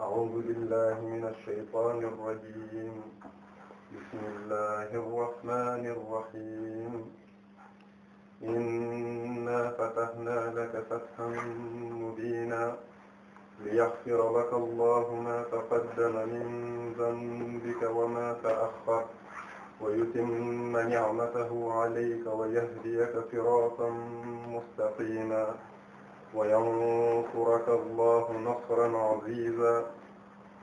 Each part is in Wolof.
أعوذ بالله من الشيطان الرجيم بسم الله الرحمن الرحيم إنا فتحنا لك فتحا مبينا ليغفر لك الله ما تقدم من ذنبك وما تأخر wa yutimma ni'matahu alayka wa yahdiyaka siratan mustaqima wa yansuraka allahu nasran aziza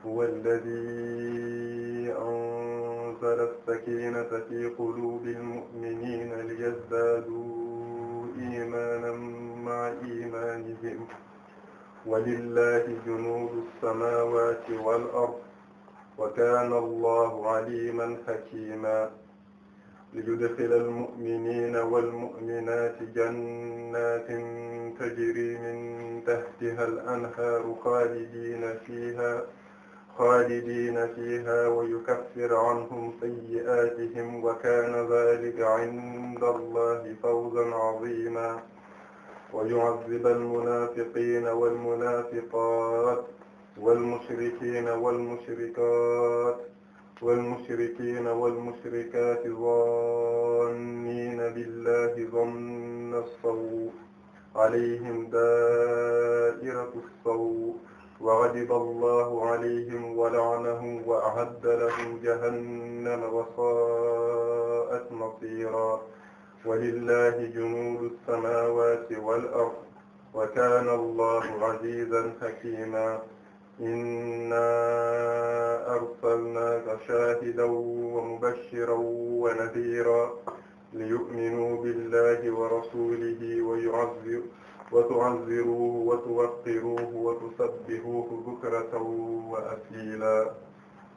huwa alladhi anzala as-sakinata fi qulubi al-mu'minina liyazdadu imanan ma'a imanihim wa lillahi junudu as-samawati wal-ard wa kaana allahu aliman hakima ليدخل المؤمنين والمؤمنات جنات تجري من تحتها الأنهار خالدين فيها خالدين فيها ويكفر عنهم سيئاتهم وكان ذلك عند الله فوزا عظيما ويعذب المنافقين والمنافقات والمشركين والمشركات والمشركين والمشركات ظانين بالله ظن السوء عليهم دائرة السوء وغضب الله عليهم ولعنهم وأعد لهم جهنم وساءت مصيرا ولله جنود السماوات والأرض وكان الله عزيزا حكيما innaa arsalnaaka shaahidan wa mubashiran wa nadhiiran liyu'minuu billaahi wa rasuulihi wa yu'azziruuhu wa tu'azziruuhu wa tuwaqqiruuhu wa tusabbihuuhu bukratan wa asiilaa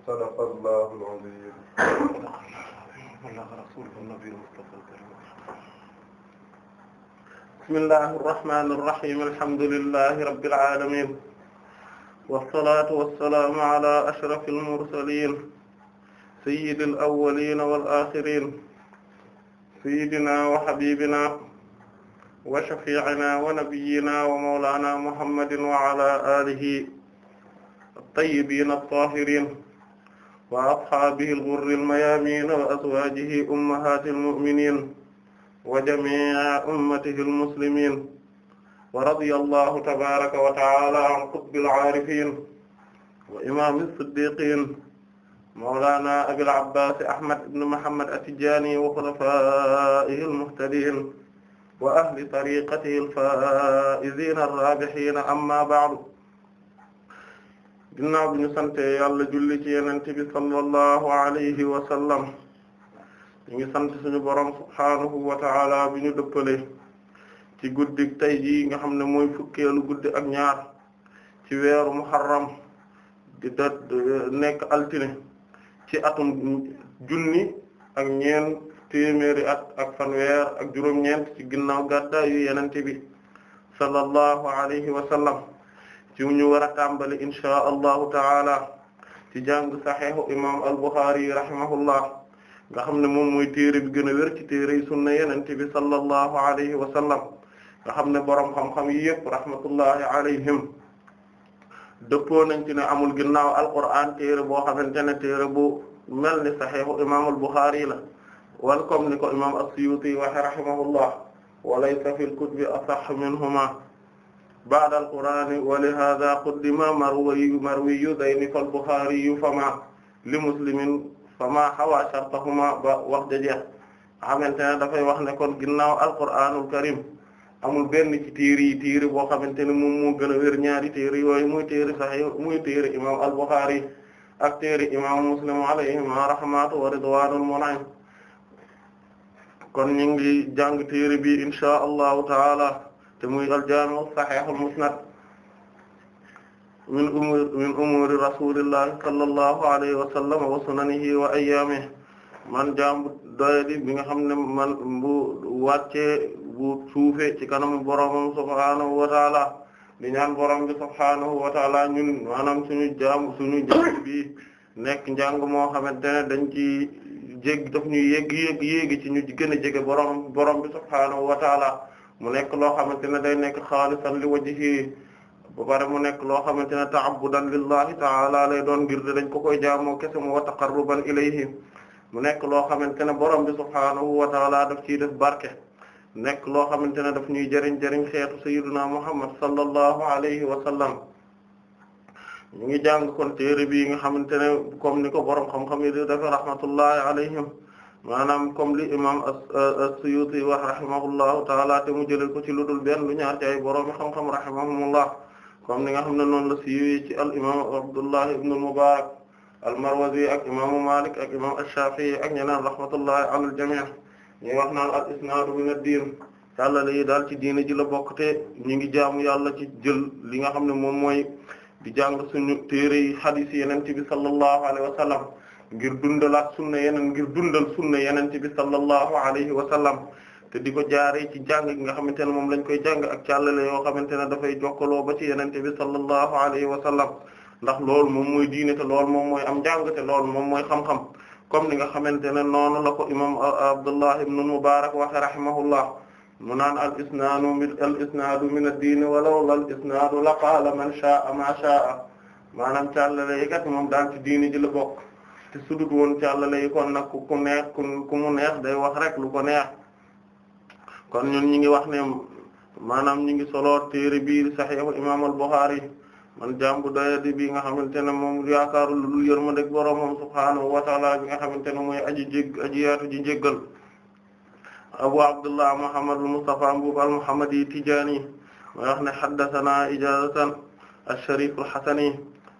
sadaqallaahul aziim bismillahir rahmaanir rahiim alhamdulillaahi rabbil aalamiin والصلاة والسلام على أشرف المرسلين سيد الأولين والآخرين سيدنا وحبيبنا وشفيعنا ونبينا ومولانا محمد وعلى آله الطيبين الطاهرين وأصحابه الغر الميامين وأزواجه أمهات المؤمنين وجميع أمته المسلمين wa radiyallahu tabaraka wa taala an qutbil aarifin wa imaami siddiqin mawlaana abil abbaas ahmad ibn muhammad at-tijaani wa xulafaa'ihi al-muhtadiin wa ahli tariqatihi al-faa'iziina ar-raabihiina amma ba'du ginnaaw bi ñu sante yàlla julli ci Yonent bi sallallahu alayhi wa sallam ñu ngi sant suñu boroom subhaanahu wa ta'aala bi ñu dëppale ci guddi tey jii nga xam ne mooy fukkeelu guddi ak ñaar ci weeru muharram di da nekk altine ci atum junni ak ñeent téeméeri at ak fanweer ak juróom-ñeent ci ginnaaw gàddaay yu yenente bi sallallahu alayhi wa ci ñu war a tàmbali inchaa allahu taala ci jàng saxiixu imam al-Bukhari yi nga xam ne moom mooy tere bi gën a wér ci téere sunna yenente bi sallallahu alayhi wa nga xam ne boroom xam-xam yi yëpp rahmatullahi alayhim dëppoo nañ ci ne amul ginnaaw alquran téere boo xamante ne téere bu mel ni saxiixu imaamul Buxaari la wal comme ni ko imaam as-Suyuuti waxe rahimahullah wa laysa fil kutubi asah minhuma ba'da alqurani wa lihaadha quddima marwi marwiyu dayni fal Buxaariyu fama li muslimin fama hawa shartahuma ba wax da jeex xamante ne dafay wax ne kon ginnaaw alquranul karim amul benn ci téere yi boo xamante ne moom moo gën a ñaari téere yooyu muy téere Sahih muy téere imam al ak téere imam Muslim alayhima rahmatu wa ridwanul mun'im kon ñu ngi jàng bi insha allahu taala te muy al min umur min umuri rasulillahi alayhi wa sallam wa wa ayyamihi man jaamu doyadi bi nga xam ne man bu wàccee bu suufee ci kanam borom subhaanahu wa taala di ñaan borom bi subhaanahu wa taala ñun maanaam suñu jaam suñu jaam bi nekk njàng moo xamante ne dañ ci jég daf ñu yégg yégg yéegi ci ñu gën a jege borom borom bi subhaanahu wa taala mu nekk loo xamante ne day nekk xaalisan li wajhihi ba pare mu nekk loo xamante ne ta'abbudan lillahi taala lay doon ngir dañ ko koy moo kese mu wa taqarruban ilayhi mu nekk loo xamante ne borom bi subhaanahu wa taala daf ciy def barke nekk loo xamante ne daf ñuy jëriñ jëriñ xeetu sayyiduna muhammad sallallahu alayhi wa sallam ñu ngi jàng kon téere bi nga xamante ne comme ni ko borom xam-xam yi di def rahmatullahi alayhim maanaam comme li imam as-Suyuti wax rahimahullahu taala te mu jëlee ko ci lu dul benn lu ñaar ci ay borom xam-xam rahimahumullah comme ni nga xam ne noonu la siiwee ci al imam Abdullah ibn al al-Marwazi ak imaamu Malik ak imam ash-Shafi'i ak ñeneen rahmatullahi alal jamii ñuy wax naan al-isnaadu min ad-diin tàllale yi daal ci diina ji la bokk te ñu ngi jaamu yàlla ci jël li nga xam ne moom mooy di jàng suñu téere yi hadith yeneen ci bi sallallahu alayhi wa sallam ngir dundalaat sunna yeneen ngir dundal sunna yeneen ci bi sallallahu alayhi wa sallam te di ko jaaree ci jàng gi nga xamante ne moom lañ koy jàng ak càllale yoo xamante ne dafay jokkaloo ba ci yeneen ci bi sallallahu alayhi wa sallam ndax loolu moom mooy diine te loolu moom mooy am njàng loolu moom mooy xam-xam comme ni nga xamante ne noonu la ko imam Abdullah ibn Mubarak waxe rahimahullah mu naan al isnaadu min al isnaadu min ad-diin walawla al isnaadu la qaala man sha'a ma sha'a maanaam càllale yi kat moom daal ci diine ji la bokk te su dul woon càllale yi kon nag ku neex ku mu neex day wax rek lu ko neex kon ñun ñi ngi wax ne maanaam ñi ngi solo téere bi saxiixu imam al Bukhari man jaam bu doyadi bi nga xamante ne moom yaakaaru lu dul yërmande borom moom subhaanahu wa ta'ala bi nga xamante ne mooy aji jég aji yaatu ji njéggal abu abdullah muhammad mustafa mbuub al muhammadi tijaani mooy wax ne haddathana ijaazatan ash-sharif al-hasani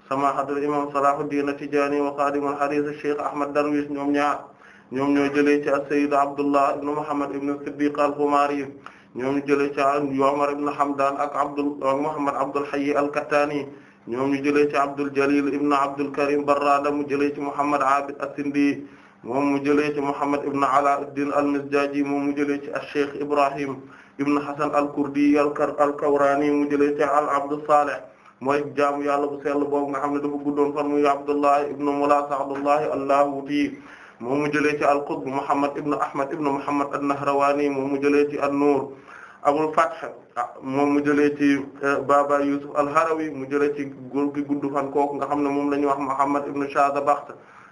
sama hadra imam salahuddin tijaani wa xaadimu al-hadiis ash-shaykh ahmad darwish ñoom ñaar ñoom ñoo jëlee ci as-sayyid abdullah ibn muhammad ibn siddiq al-xumaari ñoom ñu jëlee ci Umar ibn Hamdan ak Abdul Muhammad Abdul Hayy al-Kattani ñoom ñu jëlee ci Abdul Jalil ibn Abdul Karim Barrada mu jëlee ci Muhammad Abid as-Sindi moom mu jëlee ci Muhammad ibn Alauddin al-Mizjaji moom mu jëlee ci Cheikh Ibrahim ibn Hasan al-Kurdi al-Kawrani mu jëlee ci al-Abd as-Salih mooy jaamu yàlla bu sell boobu nga xam ne dafa guddoon fan muy Abdullah ibn Mulasa Abdullah al-Lahuti moom mu jëlee ci al-Qutb Muhammad ibn Ahmad ibn Muhammad an-Nahrawani moom mu jëlee ci an-Nur Abul Fath moom ah, mu jëlee ci eh, Baba Yusuf al-Harawi mu jëlee ci góor gi gudd fan kooku nga xam ne moom la ñuy wax Muhammad ibn Shadbaht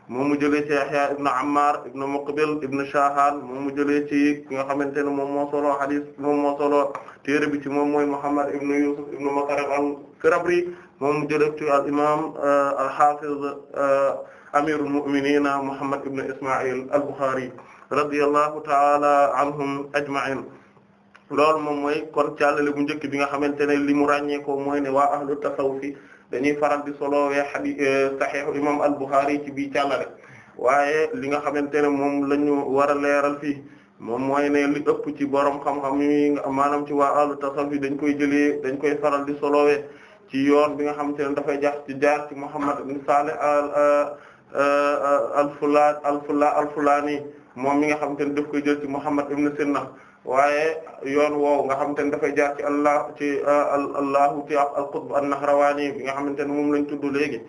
moom mu jëlee ci Yahya ibn Ammar ibn Muqbil ibn Shahan moom mu jëlee ci ki nga xamante ne moom moo solo hadis moom moo solo téere bi ci moom mooy Muhammad ibn Yusuf ibn Makarib al-Firabri moom mu jëlee ci al-imam eh, al-Hafiz eh, amirul mu'minina Muhammad ibn Isma'il al-Bukhari radiyallahu ta'ala anhum ajma'in loolu moom mooy kon càllale bu njëkk bi nga xamante ne li mu ràññee ko mooy ne waa ahlu tasawuf dañuy faral di solowee xadi euh, saxiixu imam al-Bukhari ci bi càllale waaye li nga xamante ne moom la wara leeral fi moom mooy ne li ëpp ci borom xam-xam yi maanaam ci waa ahlu tasawuf dañ koy jële dañ koy faral di solowee ci yoon bi nga xamante ne dafay jax ci jaar ci Muhammad ibn Salih al euh, alfula alfula alfulaani moom mi nga xamante ne daf koy jël ci Muhammad ibn Sinna waaye yoon woow nga xamante ne dafay jaar ci allah ci uh, allahu ci al-Qutb an-Nahrawaani bi nga xamante ne moom lañ tudd léegi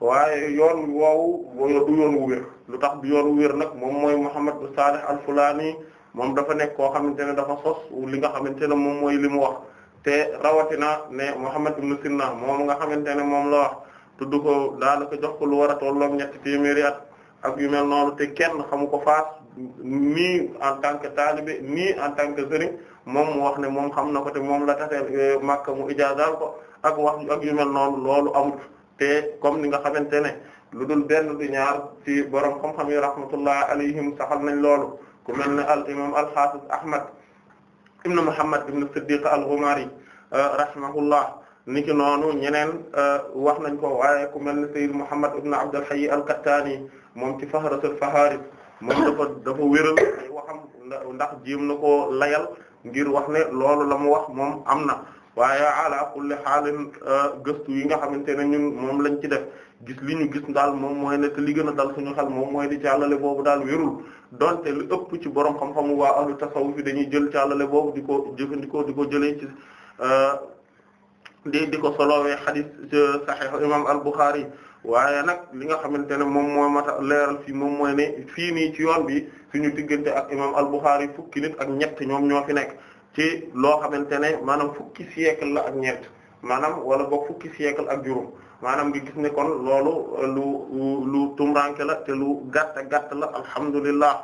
waaye yoon woowu du yoon wu wér lu tax du yoon wu wér nag moom mooy Muhammad ibn Saalih al-Fulaani moom dafa nekk koo xamante ne dafa sos li nga xamante ne moom mooy li mu wax te rawatina ne Muhammad ibn Sinna moom nga xamante ne moom la wax tudd ko daanaka jox ko lu war a tolloog ñetti téeméeri at ak yu mel noonu te kenn xamu ko faas nii en tant que taalibe nii en tant que moom mu wax ne moom xam na ko te moom la taseel eh, Makka mu ijaazaal ko ak wax ak yu mel loolu amul te comme ni nga xamante ne lu dul benn du ñaar ci borom xam-xam yi rahmatullah alayhim nañ loolu ku mel ne al imam al hafiz Ahmad ibn Muhammad ibn Siddiq al-Ghumari eh, rahimahullah niki noonu ñeneen euh, wax nañ ko waaye ku mel ne Sayyid Muhammad ibn Abdul Hayy al-Kattani moom ci Fahratul Faharib moom dafa dafa wéral ay waxam ndax jéem na koo layal ngir wax ne loolu la mu wax moom am na waaye ala kulli xaalin euh, gëstu yi nga xamante ne ñun moom lañ ci def gis li ñu gis daal moom mooy ne te li gën a dal suñu xel moom mooy di jàllale boobu daal wérul donte li ëpp ci borom xam-xamu waa ahlu tasawuf dañuy jël jàllale boobu di ko jëfandikoo di ko jëlee ci euh, di di ko solowee xadis saxiix imam al-Bukhari waaye nag li nga xamante ne moom moo mata leeral fii moom mooy ne fii nii ci yoon bi suñu diggante ak imam al-Bukhari fukki nit ak ñett ñoom ñoo fi nekk ci loo xamante ne maanaam fukki siècle la ak ñett maanaam wala boog fukki siècle ak juróom maanaam nga gis ni kon loolu lu lu tumranke la te lu gàtt gàtt la alhamdulillah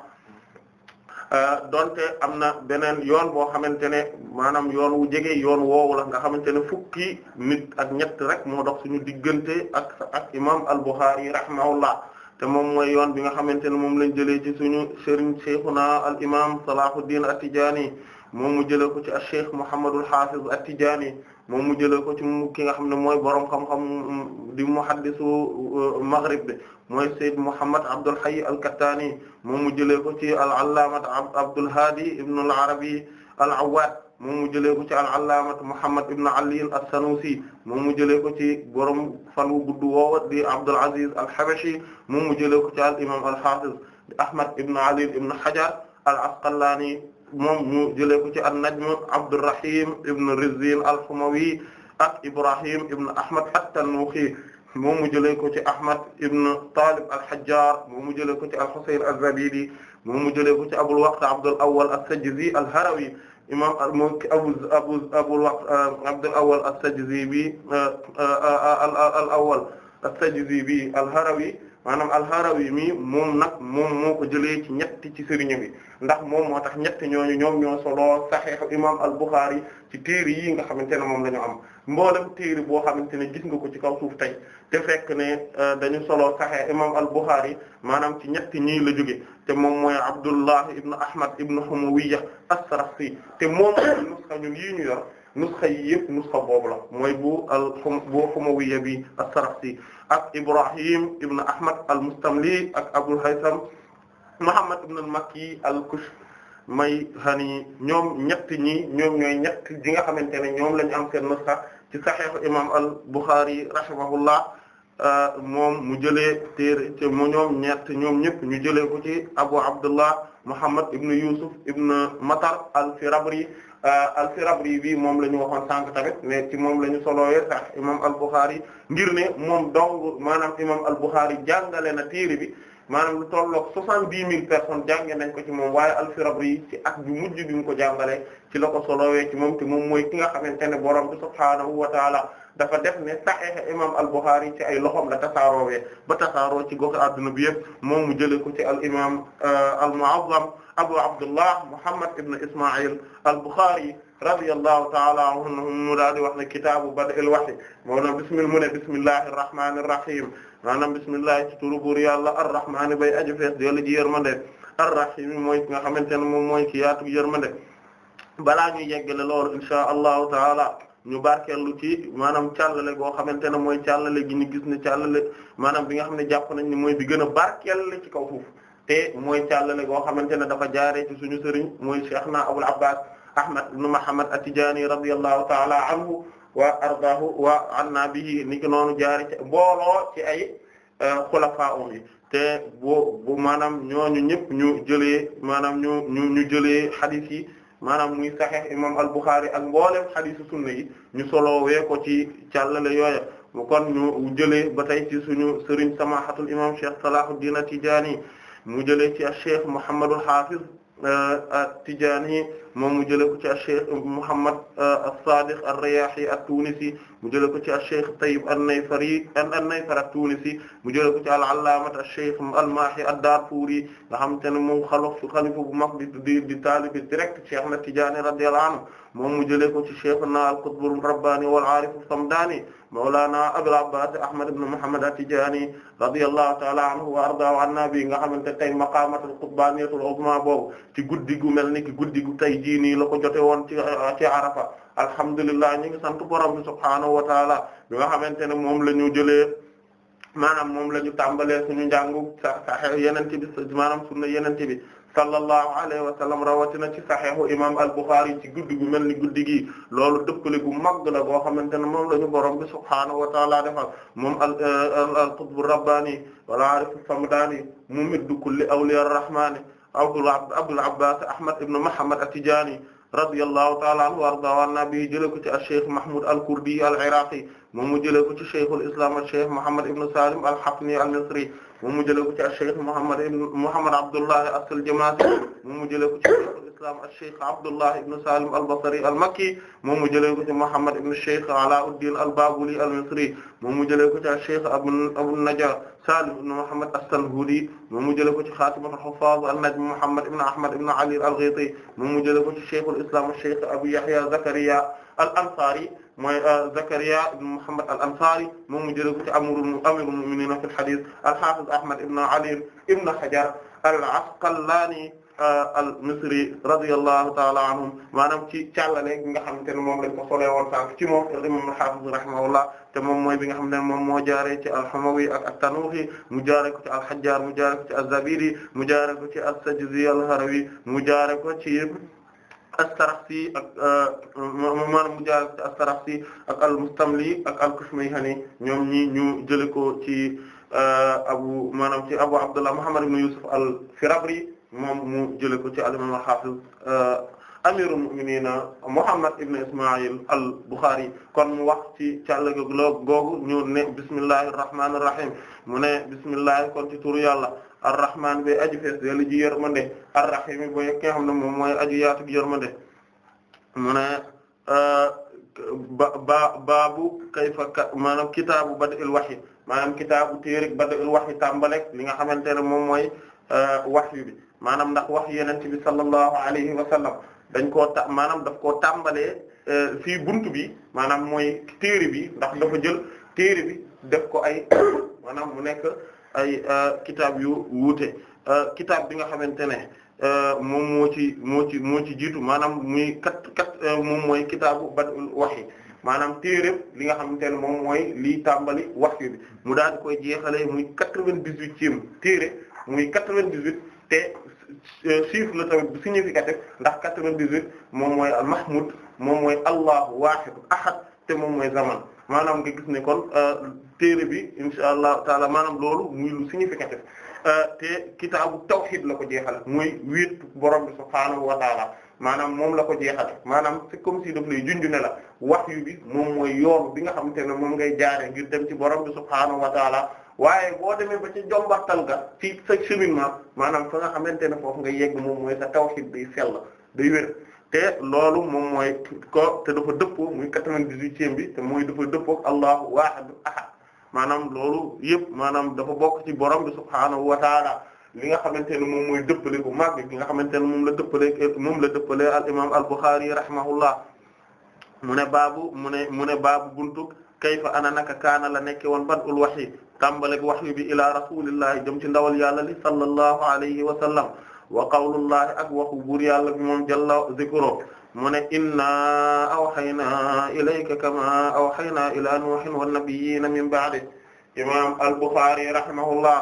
Euh, donte am na beneen yoon boo xamante ne maanaam yoon wu jege yoon woowu la nga xamante ne fukki nit ak ñett rek moo dox suñu diggante ak ak imam al-Bukhari rahimahullah te moom mooy yoon bi nga xamante ne moom lañ jëlee ci suñu sëriñ Cheikhuna al imam Salahuddin at-Tidjânî moom mu jëlee ko ci al Cheikh Muhammadul Hafiz at-Tidjânî moom mu jëlee ko ci mu ki nga xam ne mooy borom xam-xam di muhaddisu euh, maghrib bi mooy Sayyid Muhammad Abdul Hayy al-Kattani moom mu jëlee ko ci al-allaamata Abdul Hadi ibn al-Arabi al-Awwad moom mu jëlee ko ci al-allaamata Muhammad ibn Ali as-Sanusi moom mu jëlee ko ci borom fan wu gudd woowa di Abdul Aziz al-Habashi moom mu jëlee ko ci al-imam al-Hafiz Ahmad ibn Ali ibn Hajar al-Asqalani moom mu jëlee ko ci an-Najm Abdurrahim ibn Rizin al-Humawi ak Ibrahim ibn Ahmad at-Tanukhi moom mu jëlee ko ci Ahmad ibn Talib al-Hajjar moom mu jëlee ko ci al-Husayn az-Zabidi moom mu jëlee ko ci Abul Waqt Abdul Awwal as-Sajzi al-Harawi imam abu abu abul waqt euh, Abdul Awwal as-Sajzi bi euh, euh, al-Awwal as-Sajzi bi al-Harawi maanaam al-Harawi mi moom nag moom moo ko jëlee ci ñetti ci sëriñam yi ndax moom moo tax ñetti ñooñu ñoom ñoo solo Sahih imam al-Bukhari ci téere yi nga xamante ne moom la am mboolem téere boo xamante ne gis nga ko ci kaw suuf tey te fekk ne euh, dañu solo Sahih imam al-Bukhari maanaam ci ñetti ñii la jóge te moom mooy Abdullah ibn Ahmad ibn Humawiyya as-Sarakhsi te moom nusxa ñun yii ñu yor nusxa yi yëpp nusxa boobu mooy bu al bi as ak Ibrahim ibn Ahmad al-Mustamli ak Abul Haytham Muhammad ibn al-Makki al-Kushmayhani ñoom ñett ñi ñoom ñooy ñett nga xamante ne ñoom lañu am seen nusxa ci Sahih imam al-Bukhari euh, moom mu jëlee téere mu ñoom ñett ñoom ñëpp ñu jëlee ko ci Abu Abdullah Muhammad ibn Yusuf ibn Matar al-Firabri Euh, al-Firabri bi moom la ñu waxoon sànq tamit mais ci moom la ñu solooyee sax imam al-Bukhari ngir ne moom dong maanaam imam al-Bukhari jàngale na téere bi maanaam lu tolloog soixante-dix mille personnes jànge nañ ko ci moom waaye al-Firabri ci at bi mujj bi mu ko jàngalee ci la ko solowee ci moom te moom mooy ki nga xamante ne borom bi subhaanahu wa taala dafa def ne Sahih imam al-Bukhari ci ay loxoom la tasaaroowee ba tasaaroo ci gox adduna bi yëpp moom mu jëlee ko ci al imam euh, al-Mu'azzam Abu Abdullah Muhammad ibn Isma'il al-Bukhari radiyallahu ta'ala anhum mu daal di wax ne kitaabu bad'il wahyi maanaam bismil mu ne bismillahir rahmanir rahim maanaam bismillah ci turu buur yàlla ar-rahmaan bay aju fees doole ji yërmande ar-rahim mooy ki nga xamante ne moom mooy ki yaatu yërmande balaa ñuy yeggale loolu insha allahu taala ñu barkeelu ci maanaam càllale goo xamante ne mooy càllale gi ñu gis ne càllale maanaam bi nga xam ne jàpp nañ ne mooy bi gën a barkeel ci kaw te mooy càllale goo xamante ne dafa jaaree ci suñu sëriñ mooy Cheikhna Abul Abbas Ahmad ibn Muhammad at-Tijani radiyallahu ta'ala anhu wa ardaahu wa anna bihi ni ki noonu jaaree ci mbooloo ci ay euh, xulafaa um yi te boo bu maanaam ñooñu ñëpp ñu jëlee maanaam ñu ñu ñu jëlee hadith yi maanaam muy Sahih imam al-Bukhari ak mboolem hadith sunna yi ñu solowee ko ci càllale yooya mu kon ñu jëlee ba tey ci suñu sëriñ samahatul imam Cheikh Salahuddin at-Tijani mu jëlee ci Cheikh Mouhamadul Hafiz euh, at-Tijaani moom mu jëlee ko ci Cheikh Mouhamad euh, as-Sadiq ar-Riyahi at-Tunisi mu jëlee ko ci ash-Shaykh Tayyib an-Nayfari an-Nayfar at-Tunisi mu jëlee ko ci al-Allaamah ash-Shaykh al-Maahi ad-Darfuri nga xam te ne moom xalifa xalifa bu mag di di di taalibi direct Cheikh na Tijaani radiyallahu anhu moom mu jëlee ko ci Shaykhuna al-Qutb ar-Rabbani wal-Aarif as-Samdani Mawlana Abul Abbas Ahmad ibn Muhammad at-Tijani radiyallahu ta'ala anhu wa ardaahu anna bi nga xamante tey maqaamatul qutbaaniyatul uzma boobu ci guddi gu mel ni ki guddi gu tey jii nii la ko jote woon ci ci Arafa alhamdulillah ñi ngi sant borom bi subhaanahu wa taala bi nga xamante ne moom la ñu jëlee maanaam moom la ñu tàmbalee suñu njàngu saxeexu yenente bi maanaam sunna yenente bi sallallahu alayhi wa sallam rawatina ci saxeexu imam al-Bukhari ci guddi gu mel ni guddi gi loolu dëppale gu mag la boo xamante ne moom la ñu borom bi subhaanahu wa taala defal moom al al-qutb ar-rabbani wal aarif as-samdani mumiddu kulli awliya ar-rahmani Abdul Abbas Ahmad ibn Muhammad at-Tijani radiyallahu taala anhu warda waan naa bi jëlee ko ci acheikh mahmoud al-Kurdi al-Iraqi moom mu jëlee ko ci cheikhul islam acheikh Muhammad ibn Salim al-Hafni al-Misri moom mu jëlee ko ci ash-Shaykh Muhammad ibn Muhammad Abdullah as-Saljamati moom mu jëlee ko ci Shaykhul Islam ash-Shaykh Abdullah ibn Salim al-Basri al-Makki moom mu jëlee ko ci Muhammad ibn Shaykh Alauddin al-Babuli al-Misri moom mu jëlee ko ci ash-Shaykh Abu Najjar Salim ibn Muhammad as-Sanburi moom mu jëlee ko ci Khatim al-Huffaz an-Najm Muhammad ibn Ahmad ibn Ali al-Ghitti moom mu jëlee ko ci Shaykhul Islam ash-Shaykh Abu Yahya Zakariya al-Ansari mooy euh, Zakariya ibn Muhammad al-Ansari moom mu jëlee ko ci amirul amirul mu'minin fil hadith al-hafiz Ahmad ibn Ali ibn Hajar al-Asqalani euh, al-Misri radiyallahu ta'ala anhum maanaam ci càllale gi nga xamante ne moom lañ ko solee woon sànq ci moom imam al-hafiz rahimahullah te moom mooy bi nga xam ne moom moo jaaree ci al-Hamawi ak at-Tanuhi mu jaaree ko ci al-Hajjar mu jaaree ko ci az-Zabidi mu jaaree ko ci as-Sajzi al-Harawi mu jaaree ko ci Astaraxsi ak euh, maanaam mu jaar ci al-Mustamli ak al-Kushmayhani ñoom ñi ñu jëlee ko ci euh, abu maanaam ci abu Abdullah Muhammad ibn Yusuf al-Firabri mu jëlee ko ci al-imam al-hafiz euh, amirul mu'minin Muhammad ibn Isma'il al-Bukhari kon mu wax ci càllga googu ñu ne bismillahir rahmanir rahim mu ne bismillah kon ci turu yàlla arrahman bay aju fees dell ji yërmande arrahim bay ki nga xam ne moom mooy aju yaatu gi yërmande mu euh, ba ba baabu kayfa maanaam kitaabu bad'il wahyi maanaam kitaabu téerig bad'il wahyi tàmbalek li nga xamante ne moom mooy euh, wahyu bi maanaam ndax wax yenent bi sallallahu alayhi wa dañ koo ta maanaam daf koo tàmbalee euh, fii buntu bi maanaam mooy téere bi ndax dafa jël téere bi def ko ay maanaam mu nekk ay euh, kitaab yu wuute euh, kitaab bi nga xamante ne euh, moom moo ci moo ci moo ci jiitu maanaam muy kat kat moom mooy kitaabu badul wahyi maanaam téeréb li nga xamante ne moom mooy lii tàmbali wahyi bi mu daal di koy jeexalee muy quatre-vingt-dix-huitième téere muy quatre-vingt-dix-huit te chiffre la tamit bu significatif ndax quatre-vingt-dix-huit moom mooy al mahmud moom ahad te moom mooy zaman maanaam nga gis ne kon téere bi insha allahu taala maanaam loolu muy lu significatif euh, te kitaabu tawhid la ko jeexale muy wéet borom bi subhaanahu wa taala maanaam moom la ko jeexale maanaam c'est comme si daf lay junj ne la wahyu bi moom mooy yoon bi nga xam ne moom ngay jaare ngir dem ci borom bi subhaanahu wa waaye boo demee ba ci jombatal ga ci sa cheminement maanaam fa nga xamante ne foofu ngay yegg moom mooy sa tawhid day sell day wér te loolu moom mooy ko te dafa dëppoo muy quatre vingt bi te mooy dafa dëppoo ak allahu wahid ahad maanaam loolu yëpp maanaam dafa bokk ci borom bi subhaanahu wa taala li nga xamante ne moom mooy dëppale bu màgg gi nga xamante ne moom la dëppale moom la dëppale al imam al Bukhari rahimahullah mu ne baabu mu ne mu ne baabu buntu kayfa ana naka kaana la nekke woon ban ul wahyi tàmbaleg wahyu bi ila rasulillahi jëm ci ndawal yàlla li sallallahu alayhi wa sallam wa qawlullahi ak waxu buur yàlla bi moom jalla zikro mu ne inna awhaynaa ilayka kamaa awhaynaa ilaa nuuhin wannabiyyiina min ba'di imaam al-Bukhârî rahimahullah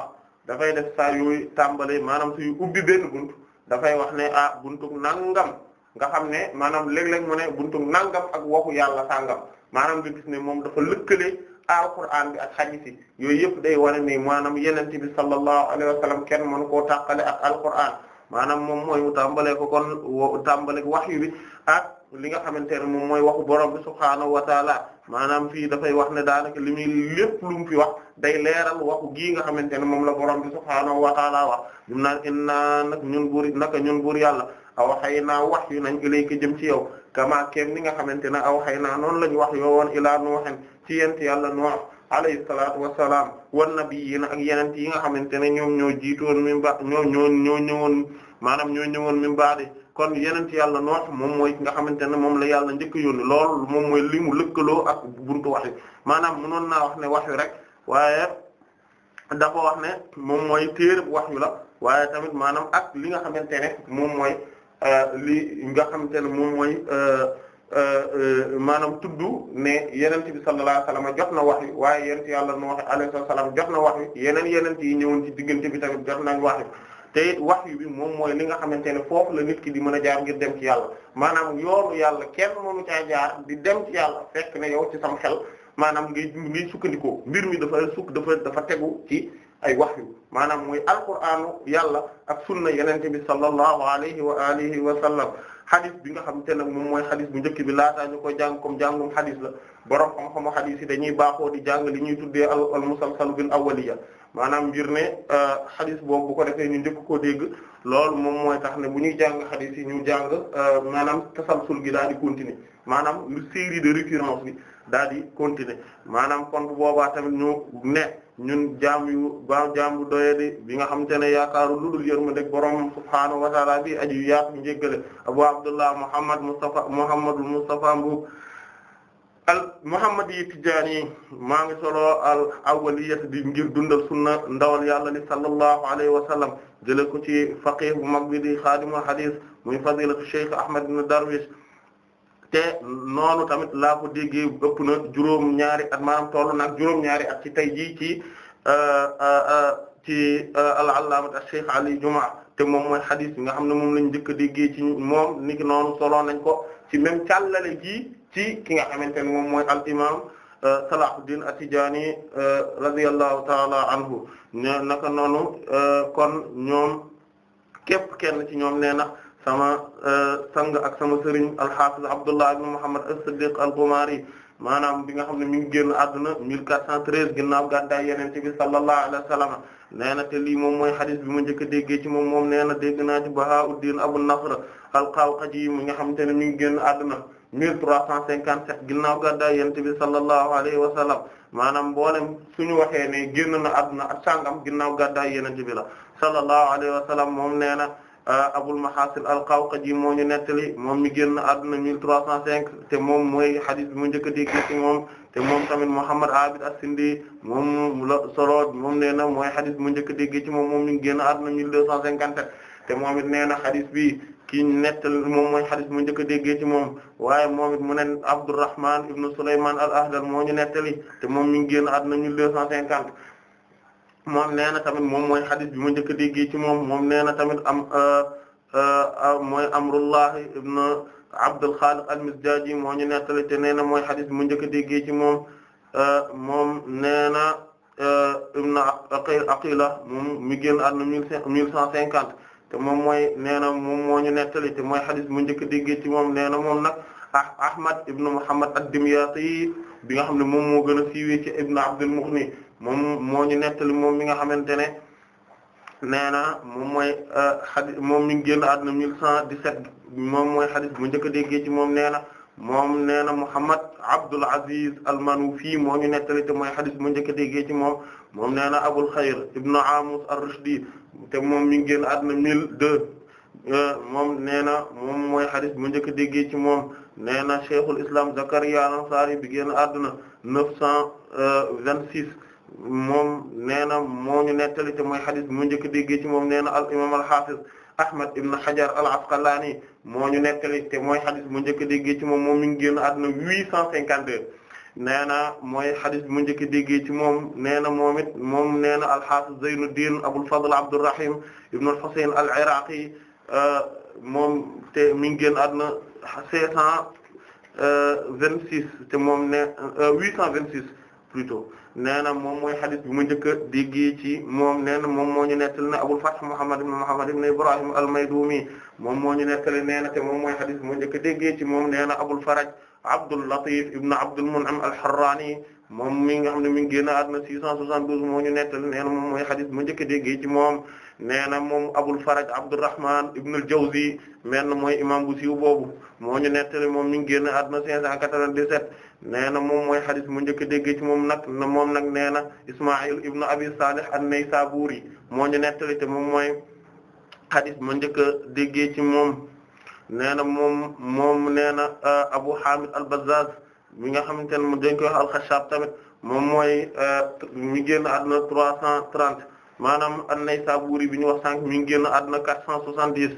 dafay def saa yuy tàmbale maanaam suy ubbi benn buntu dafay wax ne ah buntu nangam nga xam ne maanaam léeg-léeg mu ne buntu nangam ak waxu yàlla sangam maanaam nga gis ne moom dafa lëkkale alquran bi ak hadith yi yooyu yëpp day wane ni maanaam yonent bi sallallahu alayhi wa kenn mënu koo tàqale ak alquran. maanaam moom mooy mu tàmbalee ko kon tàmbale wax wahyu bi ak li nga xamante ne moom mooy waxu borom bi subhaanahu wa taala maanaam fii dafay wax ne daanaka li muy lépp lu mu fi wax day leeral waxu gii nga xamante ne moom la borom bi subhaanahu wa taala wax na naan inna nag ñun buur naka ñun buur yàlla aw xay naa wax yu nañ ilayka jëm ci yow kama kem ni nga xamante ne aw xay naa noonu la ñu wax yoo woon ilaa nooxen ci yent yàlla nu noox alayhi salaatu wa salaam wan nabiyyiina ak yeneen yi nga xamante ne ñoom ñoo jiitoon min ba ñoo ñoo ñoo ñëwoon maanaam ñoo ñëwoon min baadi kon yeneen yàlla noox moom mooy nga xamante ne moom la yàlla njëkk a yónni loolu moom mooy li mu lëkkaloo ak buntu wax yi maanaam mënoon naa wax ne wax yu rek waaye dafa wax ne moom mooy téere wax yu la waaye tamit maanaam ak li nga xamante ne moom mooy euh, li nga xamante ne moom mooy. Euh, Euh, euh, maanaam tudd ne yeneen yenent bi sallallahu alayhi wasallam jot na wax yi waaye yenent yàlla Nuh alayhi salaam jot na wax yi yeneen yenent yi ñëwoon ci diggante bi tamit jot nañ wax yi te wax yu bi moom mooy li nga xamante ne foofu la nit ki di mën a jaar ngir dem ci yàlla maanaam yoonu yàlla kenn mënu caa jaar di dem ci yàlla fekk ne yow ci sam xel maanaam ngay ngay sukkandikoo mbir mi dafa sukk dafa dafa tegu ci ay wahyu maanaam muy alqur'aanu yàlla ak sunna yenente bi sallallahu alayhi wa alihi wa sallam xadis bi nga xam te nag moom mooy xadis bu njëkk bi laataa ñu koy jàng comme jàngum xadis la borom xam baaxoo di jàng li ñuy tuddee al al musalsal bil awwaliya maanaam ngir ne xadis euh, boobu bu ko defee ñu njëkk koo dégg loolu moom mooy tax ne bu ñuy jàng xadis yi ñu jàng euh, maanaam tasalsul gi daal di continuer maanaam lu série de récurrence bi daal di continuer maanaam kon tamit ñu ne ñun jaam yu baaw jaam bu doyadi bi nga xamante ne yaakaaru lu dul yërmande borom subhaanahu wa ta'ala bi aju yaatu njëggale Abu Abdullah Muhammad Mustafa Muhammadul Mustafa Mbu Muhammad yi Tijaani maa ngi solo al awwaliyat di ngir dundal sunna ndawal yàlla li sallallahu alayhi wa sallam ko ci faqih bu mag bi di xaadimul hadis muy fadilatu Cheikh Ahmad ibn Darwish te noonu tamit laa ko déggee na juróom ñaari at maanaam toll nag juróom ñaari at ci tey jii ci euh, euh, euh, ci al-allaamata Cheikh Ali Jumaa te moom mooy xadis bi nga xam ne moom lañ njëkk a déggee ci moom niki noonu solo nañ ko ci même càllale ji ci ki nga xamante ne moom mooy al imam Salahuddin At-Tidjânî radiyallahu taala anhu naka noonu kon ñoom képp kenn ci ñoom nee na sama eh, sang ak sama sëriñ al-Hafiz Abdullah ibn Muhammad as-Siddiq al-Ghumari maanaam bi nga xam ne mi ngi génn àdduna 1413 ginnaaw gàddaay Yonent bi sallallahu alayhi wa sallam nee na te lii moom mooy xadis bi ma njëkk a déggee ci moom moom nee na dégg naa ci Bahauddin Abu Nasr al-Qawqaji mu nga xamante ne mi ngi génn àdduna 1357 ginnaaw gàddaay Yonent bi sallallahu alayhi wa sallam maanaam mboolem suñu waxee ne génn na àdduna ak sàngam ginnaaw gàddaay Yonent bi la sallallahu alayhi wa sallam moom Abul Mahasil al-Qawqaji moo ñu nettali moom mi génn àdduna 1305 te moom mooy hadith bi mu njëkk a dégg ci moom te moom tamit Muhammad Abid as-Sindi moom la solo moom nee na mooy hadith bi mu njëkk a dégg ci moom moom mi ngi génn cinquante 1257 te moom it nee na hadith bi ki nettali moom mooy hadith bi mu njëkk a dégg ci moom waaye moom it mu ne Abdurrahman ibn Sulayman al-Ahdal moo ñu nettali te moom mi ngi génn àdduna 1250. moom nee na tamit moom mooy xadis bi ma njëkk a déggee ci moom moom nee na tamit am euh, euh, mooy Amrullah ibn Abdul Khaliq al-Mizdaji moo ñu nettali te nee na mooy xadis bi ma njëkk a déggee ci moom euh, moom nee na ibn Aqil Aqila moom mi génn àdduna mille cinq mille cent cinquante te moom mooy nee na moom moo ñu nettali te mooy xadis bi ma njëkk a déggee ci moom nee na moom nag ah Ahmad ibn Muhammad ad-Dimyati bi nga xam ne moom moo gën a siiwee ci ibn Abdul Mughni moom moo ñu nettali moom mi nga xamante ne nee na moom mooy euh, xadis moom mi ngi génn àdduna 1117 moom mooy xadis bu njëkk a déggee moom nee na moom nee na Muhammad Abdul Aziz al-Manufi moo ñu nettali te mooy xadis bu njëkk a déggee moom moom nee na Abul Xayr ibnu Amus ar-Rushdi te moom mi ngi génn mille 1002 euh, moom nee na moom mooy xadis bu njëkk a déggee moom nee na Cheikhul Islam Zakariya al-Ansari bi génn àdduna 926. moom nee na moo ñu nettali te mooy xadis bi mu njëkk déggee ci moom nee na al imam al hafiz ahmad ibn hajar al asqalani moo ñu nettali te mooy xadis bi mu njëkk déggee ci moom moom mu ngi génn àdduna huit cent cinquante-deux nee na mooy xadis bi mu njëkk déggee ci moom nee na moom it moom nee na al hafiz zaynuddin abul fadl abdurrahim ibn al husayn al iraqi euh, moom te mi ngi génn àdduna cinq cent euh, vingt-six te moom ne euh, huit cent vingt-six plutôt nee na moom mooy xadis bi mu njëkk a diggi ci moom nee na moom moo ñu nettali ne Abul Fath Muhammad ibn Muhammad ibn Ibrahim al-Maydumi moom moo ñu nettali nee na moom mooy xadis bi mu njëkk a diggi moom nee na Abul Faraj Abdul Latif ibn Abdul Mun'im al-Harrani moom mi nga xam ne mi ngi génn àdduna 672 moo ñu nettali nee moom mooy xadis bi mu njëkk a diggi ci moom nee na moom Abul Faraj Abdurrahman ibn al-Jawzi mel na mooy imam bu siiw boobu moo ñu nettali moom mi ngi génn àdduna 597 nee na moom mooy xadis mu njëkk déggee ci moom nag na moom nag nee na Ismaa'il ibnu Abi Salih an-Naysaburi moo ñu nettali te moom mooy xadis mu njëkk déggee ci moom nee na moom moom nee na euh, Abu Hamid al-Bazzaz mi nga xamante ne mu dañ koy wax al-Khashshab moom mooy euh, mi génn àdduna trois cent trente maanaam an-Naysaburi bi ñu wax sànq mi ngi génn àdduna quatre cent soixante-dix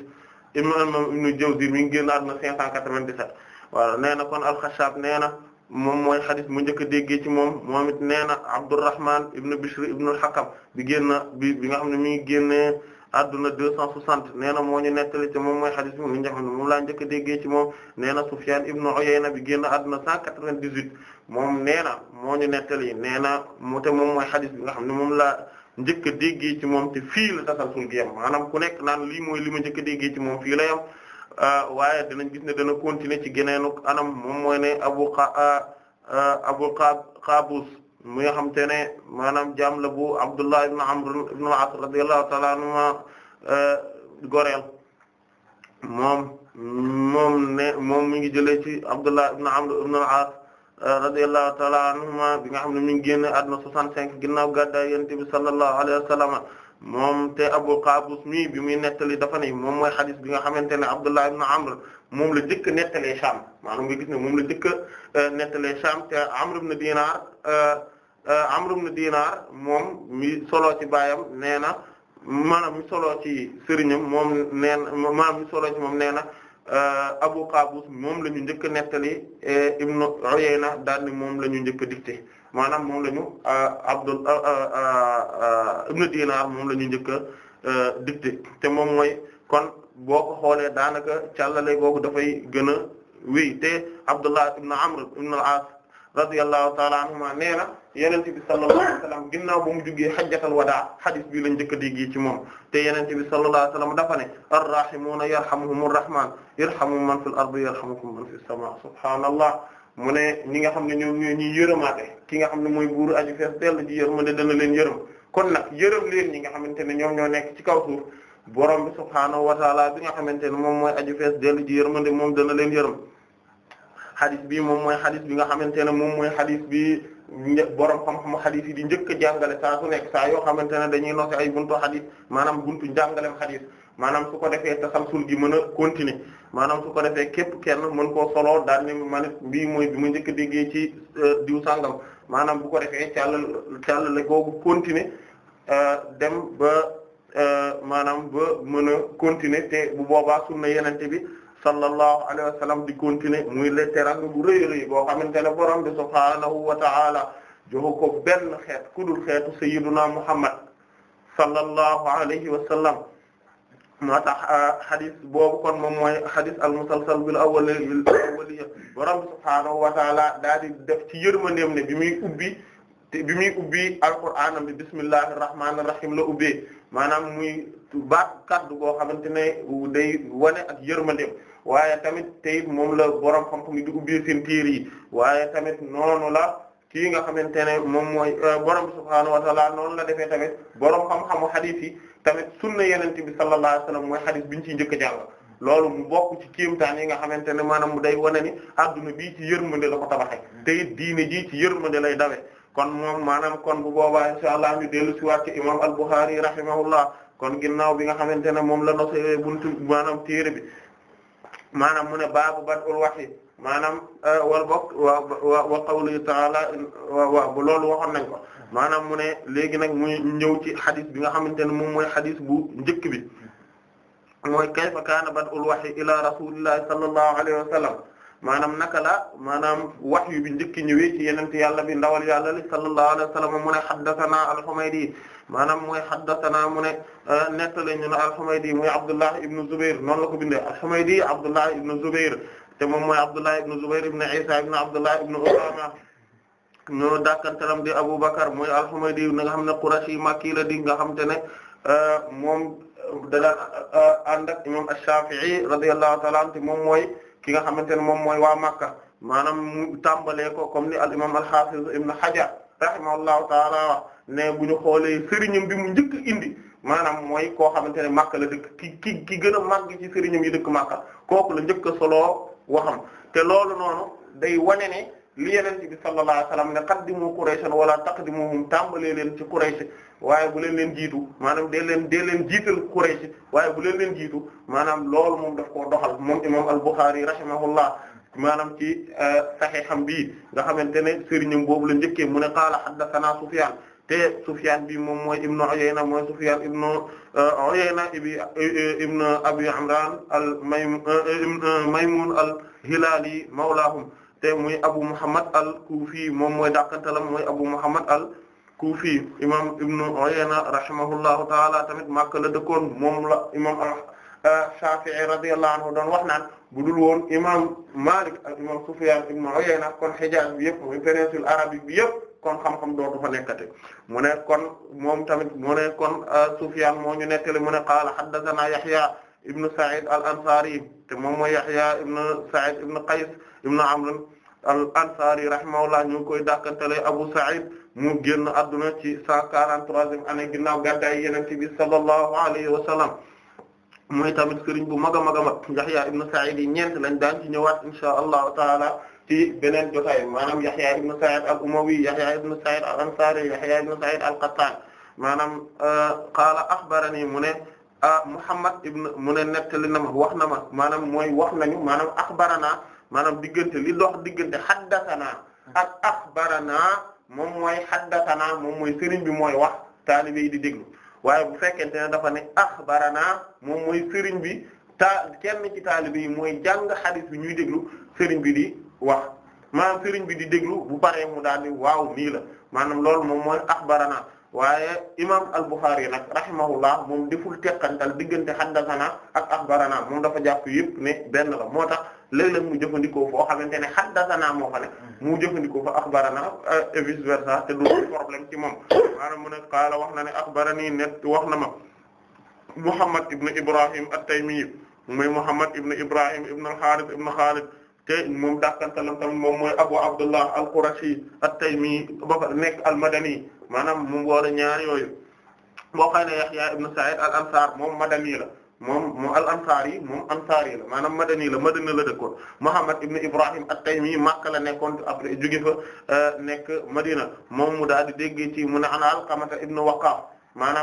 imam Ibnu Jawzi mi ngi génn àdduna cinq cent quatre-vingt-dix-sept voilà nee na kon al-Khashshab nee na moom mooy xadis mu njëkk a déggee ci moom moom it nee na Abdurrahman ibn Bishr ibn al-Hakam bi génn bi bi nga xam ne mi ngi génnee adduna deux cent soixante nee na moo ñu nettali ci moom mooy xadis bi mu njëkk moom laa njëkk a déggee ci moom nee na Sufyan ibn Uyayna bi génn adduna cent quatre vingt moom nee na moo ñu nettali nee na mu te moom mooy xadis bi nga xam ne moom laa njëkk a déggee moom te fii la tasalsul gi yam maanaam ku nekk naan lii mooy li mu njëkk a déggee ci moom fii la yam Ah, waaye dinañ gis ne dana continuer ci geneenu anam moom mooy ne abu ah, ah, abu qaabus mi nga xam te ne maanaam jaam la bu abdullah ibn amr ibn al-as radiyallahu ta'ala anhuma goreel moom moom ne moom mi ngi jëlee ci abdullah ibn amr ibn al-as radiyallahu ta'ala anhuma bi nga xam ne mi ngi génn àdduna 65 ginnaaw gàddaay yonent bi sallallahu alayhi wa sallam moom te Abu Qabus mi bi muy nettali dafa ne moom mooy xadis bi nga xamante ne Abdullah ibn Amr moom la jëkk nettalee Sham maanaam nga gis ne moom la jëkk euh, nettalee Sham te Amr ibn Dinar euh, euh, Amr ibn Dinar moom mi solo ci baayam nee na maanaam mi solo ci sëriñam moom nee solo ci moom nee na Abu Qabus moom lañu ñu njëkk nettali Ibn Uyayna daal moom la ñu njëkk dicté maanaam moom la ñu euh, Abdul euh, euh, ibn Dinar moom la ñu njëkk a dicté te moom mooy kon boo ko xoolee daanaka càllale googu dafay gën a wéy te Abdullah ibn Amr ibn al-As radiyallahu ta'ala anhuma nee na yenente bi sallallahu alayhi wasallam ginnaaw ba mu jugee hajjatal wadaa hadis bi lañ njëkk a ci moom te yenente bi sallallahu alayhi wasallam dafa ne ar-rahimuuna yarhamuhumur rahmaan irhamu man fil ardi yarhamukum man fis samaa subhaanallah mu ne ñi nga xam ne ñoom ñooy ñuy yërëmaate ki nga xam ne mooy buuru aju fees dell ji yërmande dana leen yërëm kon nag yërëm leen ñi nga xamante ne ñoom ñoo nekk ci kaw suuf borom bi subhaanahu wa taala bi nga xamante ne moom mooy aju fees dell ji yërmande moom dana leen yërëm xadis bi moom mooy xadis bi nga xamante ne moom mooy xadis bi borom xam-xam xadis yi di njëkk a jàngale saa su nekk saa yoo xamante ne dañuy noose ay buntu xadis maanaam buntu jàngalem xadis maanaam su ko defee tasalsul gi mën a continuer maanaam su ko defee képp kenn mën koo soloo daal ne man bii mooy bi mu njëkk a déggee ci euh, diw sàngam maanaam bu ko defee càll càll la googu continuer euh, dem ba euh, maanaam ba mën a continuer te bu boobaa na yenente bi sallallahu alayhi wa sallam di continuer muy le teranga bu rëy rëy boo xamante ne borom bi subhaanahu wa ta'ala joxu ko benn xeet kudul xeetu sayyiduna muhammad sallallahu alayhi wa sallam moo tax hadith ah, boobu kon moom mooy hadith al musalsal bil awwali bil awwaliya borom subhaanahu wa taala daal di def ci yërmandeem ne bi muy ubbi te bi muy ubbi alqur'aanam bi bismillahir rahmaanir rahiim la ubbee maanaam muy baat kaddu boo xamante ne day wane ak yërmandeem waaye tamit tey moom la borom xam-xam yi di ubbee seen téere yi waaye tamit noonu la. kii nga xamante ne moom mooy euh, borom subhaanahu wa ta'ala la defee tamit borom xam-xamu hadith yi tamit sunna yenente bi sallallahu alayhi wasallam mooy hadith bi ñu ciy njëkk a jàng loolu mu bokk ci kéemtaan yi nga xamante ne maanaam mu day wane ni adduna bii ci yërmande la ko tabaxee te it diine jii ci yërmande lay dawe kon moom maanaam kon bu boobaa insha allah ñu dellu ci waat ci imam al-Bukhari rahimahullah kon ginnaaw bi nga xamante ne moom la nosee buntu maanaam téere bi maanaam mu ne baabu bad'ul wahyi maanaam euh, wal bokk wa wa wa qawli taala waaw bu loolu waxoon nañ ko maanaam mu ne léegi nag muy ñëw ci xadis bi nga xamante ne moom mooy xadis bu njëkk bi mooy kayfa kaana bad'ul wahyi ila rasulillahi sallallahu alayhi wa sallam maanaam naka la maanaam wahyu bi njëkk ñëwee ci yenent yàlla bi ndawal yàlla li sallallahu alayhi wa sallam mu ne haddathana al-Humaydi maanaam mooy haddathana mu ne euh, nettali ñu ne al-Humaydi mooy Abdullah ibn Zubair noonu la ko bindee al-Humaydi Abdullah ibn Zubair te moom mooy Abdullah ibn Zubayr ibn Isa ibn Abdullah ibn Usama ñoo dàkkantalam di Abu Bakar mooy al-Humaydi na xam ne Qurashi Makki la di nga xam te ne euh, moom euh, dana euh, ànd ak imam Ash-Shafi'i radiyallahu ta'ala anhu moom mooy ki nga xamante ne moom mooy waa Makka maanaam mu tàmbalee ko comme ni al-imam al-Hafiz Ibn Hajar rahimahullahu ta'ala ne bu ñu xoolee sëriñam bi mu njëkk indi maanaam mooy koo xamante ne Makka la dëkk ki ki ki gën a màgg ci sëriñam yi dëkk Makka kooku la njëkk a waxam te loolu noonu day wane ne li yeneen bi sallallahu alayhi wasallam ne qaddimu Qurayshan wala taqdimuhum tàmbalee leen ci Quraysh waaye bu leen leen jiitu maanaam dee leen dee leen jiital Quraysh waaye bu leen leen jiitu maanaam loolu moom daf koo doxal moom imam al-Bukhari rahimahullah maanaam ci euh, sahiham bii nga xamante ne sëriñam boobu la njëkkee mu ne qaala haddathana Sufyan te Sufyaan bi moom mooy ibnu Uyayna mooy Sufyaan ibnu uh, Uyayna ibi ibnu Abi Imraan al Maymuun uh, uh, al Hilaali mawlaahum te muy Abu Muhammad al Kuufi moom mooy dàqantalam mooy Abu Muhammad al Kuufi imaam ibnu Uyayna rahimahullahu taala tamit Makka la dëkkoon moom la imaam Shaafi'i radiyallahu anhu doon wax naan bu dul woon imaam Maalik ak imaam Sufyaan ibnu Uyayna kon Hijaaz bi yëpp muy péninsule arabique bi yëpp. kon xam-xam dootu fa nekkati mu ne kon moom tamit mu ne kon euh, Sufyaan moo ñu nettali mu ne qaala haddathanaa Yahya ibn Sa'id al-Ansari te moom mooy Yahya ibn Sa'id ibn Qays ibn Amr al-Ansari rahimahullah ñu ngi koy dàkkantale Abu Sa'id mu génn adduna ci cent quarante-troisième année ginnaaw gàddaay Yonent bi sallallahu alayhi wa sallam mooy tamit sëriñ bu mag a mag a mag Yahya ibn Sa'id yi ñeent lañ daan ci ñëwaat inshaa Allahu taala ci beneen jotaay maanaam Yahya ibn Sa'id al-Umawi Yahya ibn Sa'id al-Ansari Yahya ibn Sa'id al-Qattan maanaam euh, qaala axbarani mu ne euh, Muhammad ibn mu ne nettali na ma wax na ma maanaam mooy wax nañu maanaam axbarana maanaam diggante li dox diggante haddathana ak axbarana moom mooy haddathana moom mooy sëriñ bi mooy wax taalibe yi di déglu waaye bu fekkee ne dafa ne axbarana moom mooy sëriñ bi ta kenn ci mooy jàng xadiis bi ñuy déglu sëriñ bi di wax maanaam sëriñ bi di déglu bu paree mu daal waaw nii la maanaam loolu moom mooy axbarana waaye imam al-Bukhari nag rahimahullah moom deful teqantal diggante xaddasana ak axbarana moom dafa jàpp yëpp ne benn la moo tax léeg-léeg mu jëfandikoo foo xamante ne xaddasana moo fa ne mu jëfandikoo fa axbarana euh, et vice versa te du problème ci moom maanaam mu ne qaala wax na ne axbarani net wax na ma Muhammad ibn Ibrahim at-Taymi mooy Muhammad ibn Ibrahim ibn al-Harith Khalid te moom dàqantalam tamit moom mooy Abu Abdullah al-Qurashi at-Taymi ba nekk al-Madani maanaam moom boole ñaar yooyu boo xam ne Yahya ibn Sa'id moom Madani la moom moom al-Ansari moom Ansari la maanaam Madani la Madina la dëkkoon Muhammad ibn Ibrahim at-Taymi Makka la nekkoon après jóge fa euh, nekk Madina moom mu daal di dégg ci mun ne an Alqamata ibn Waqqaf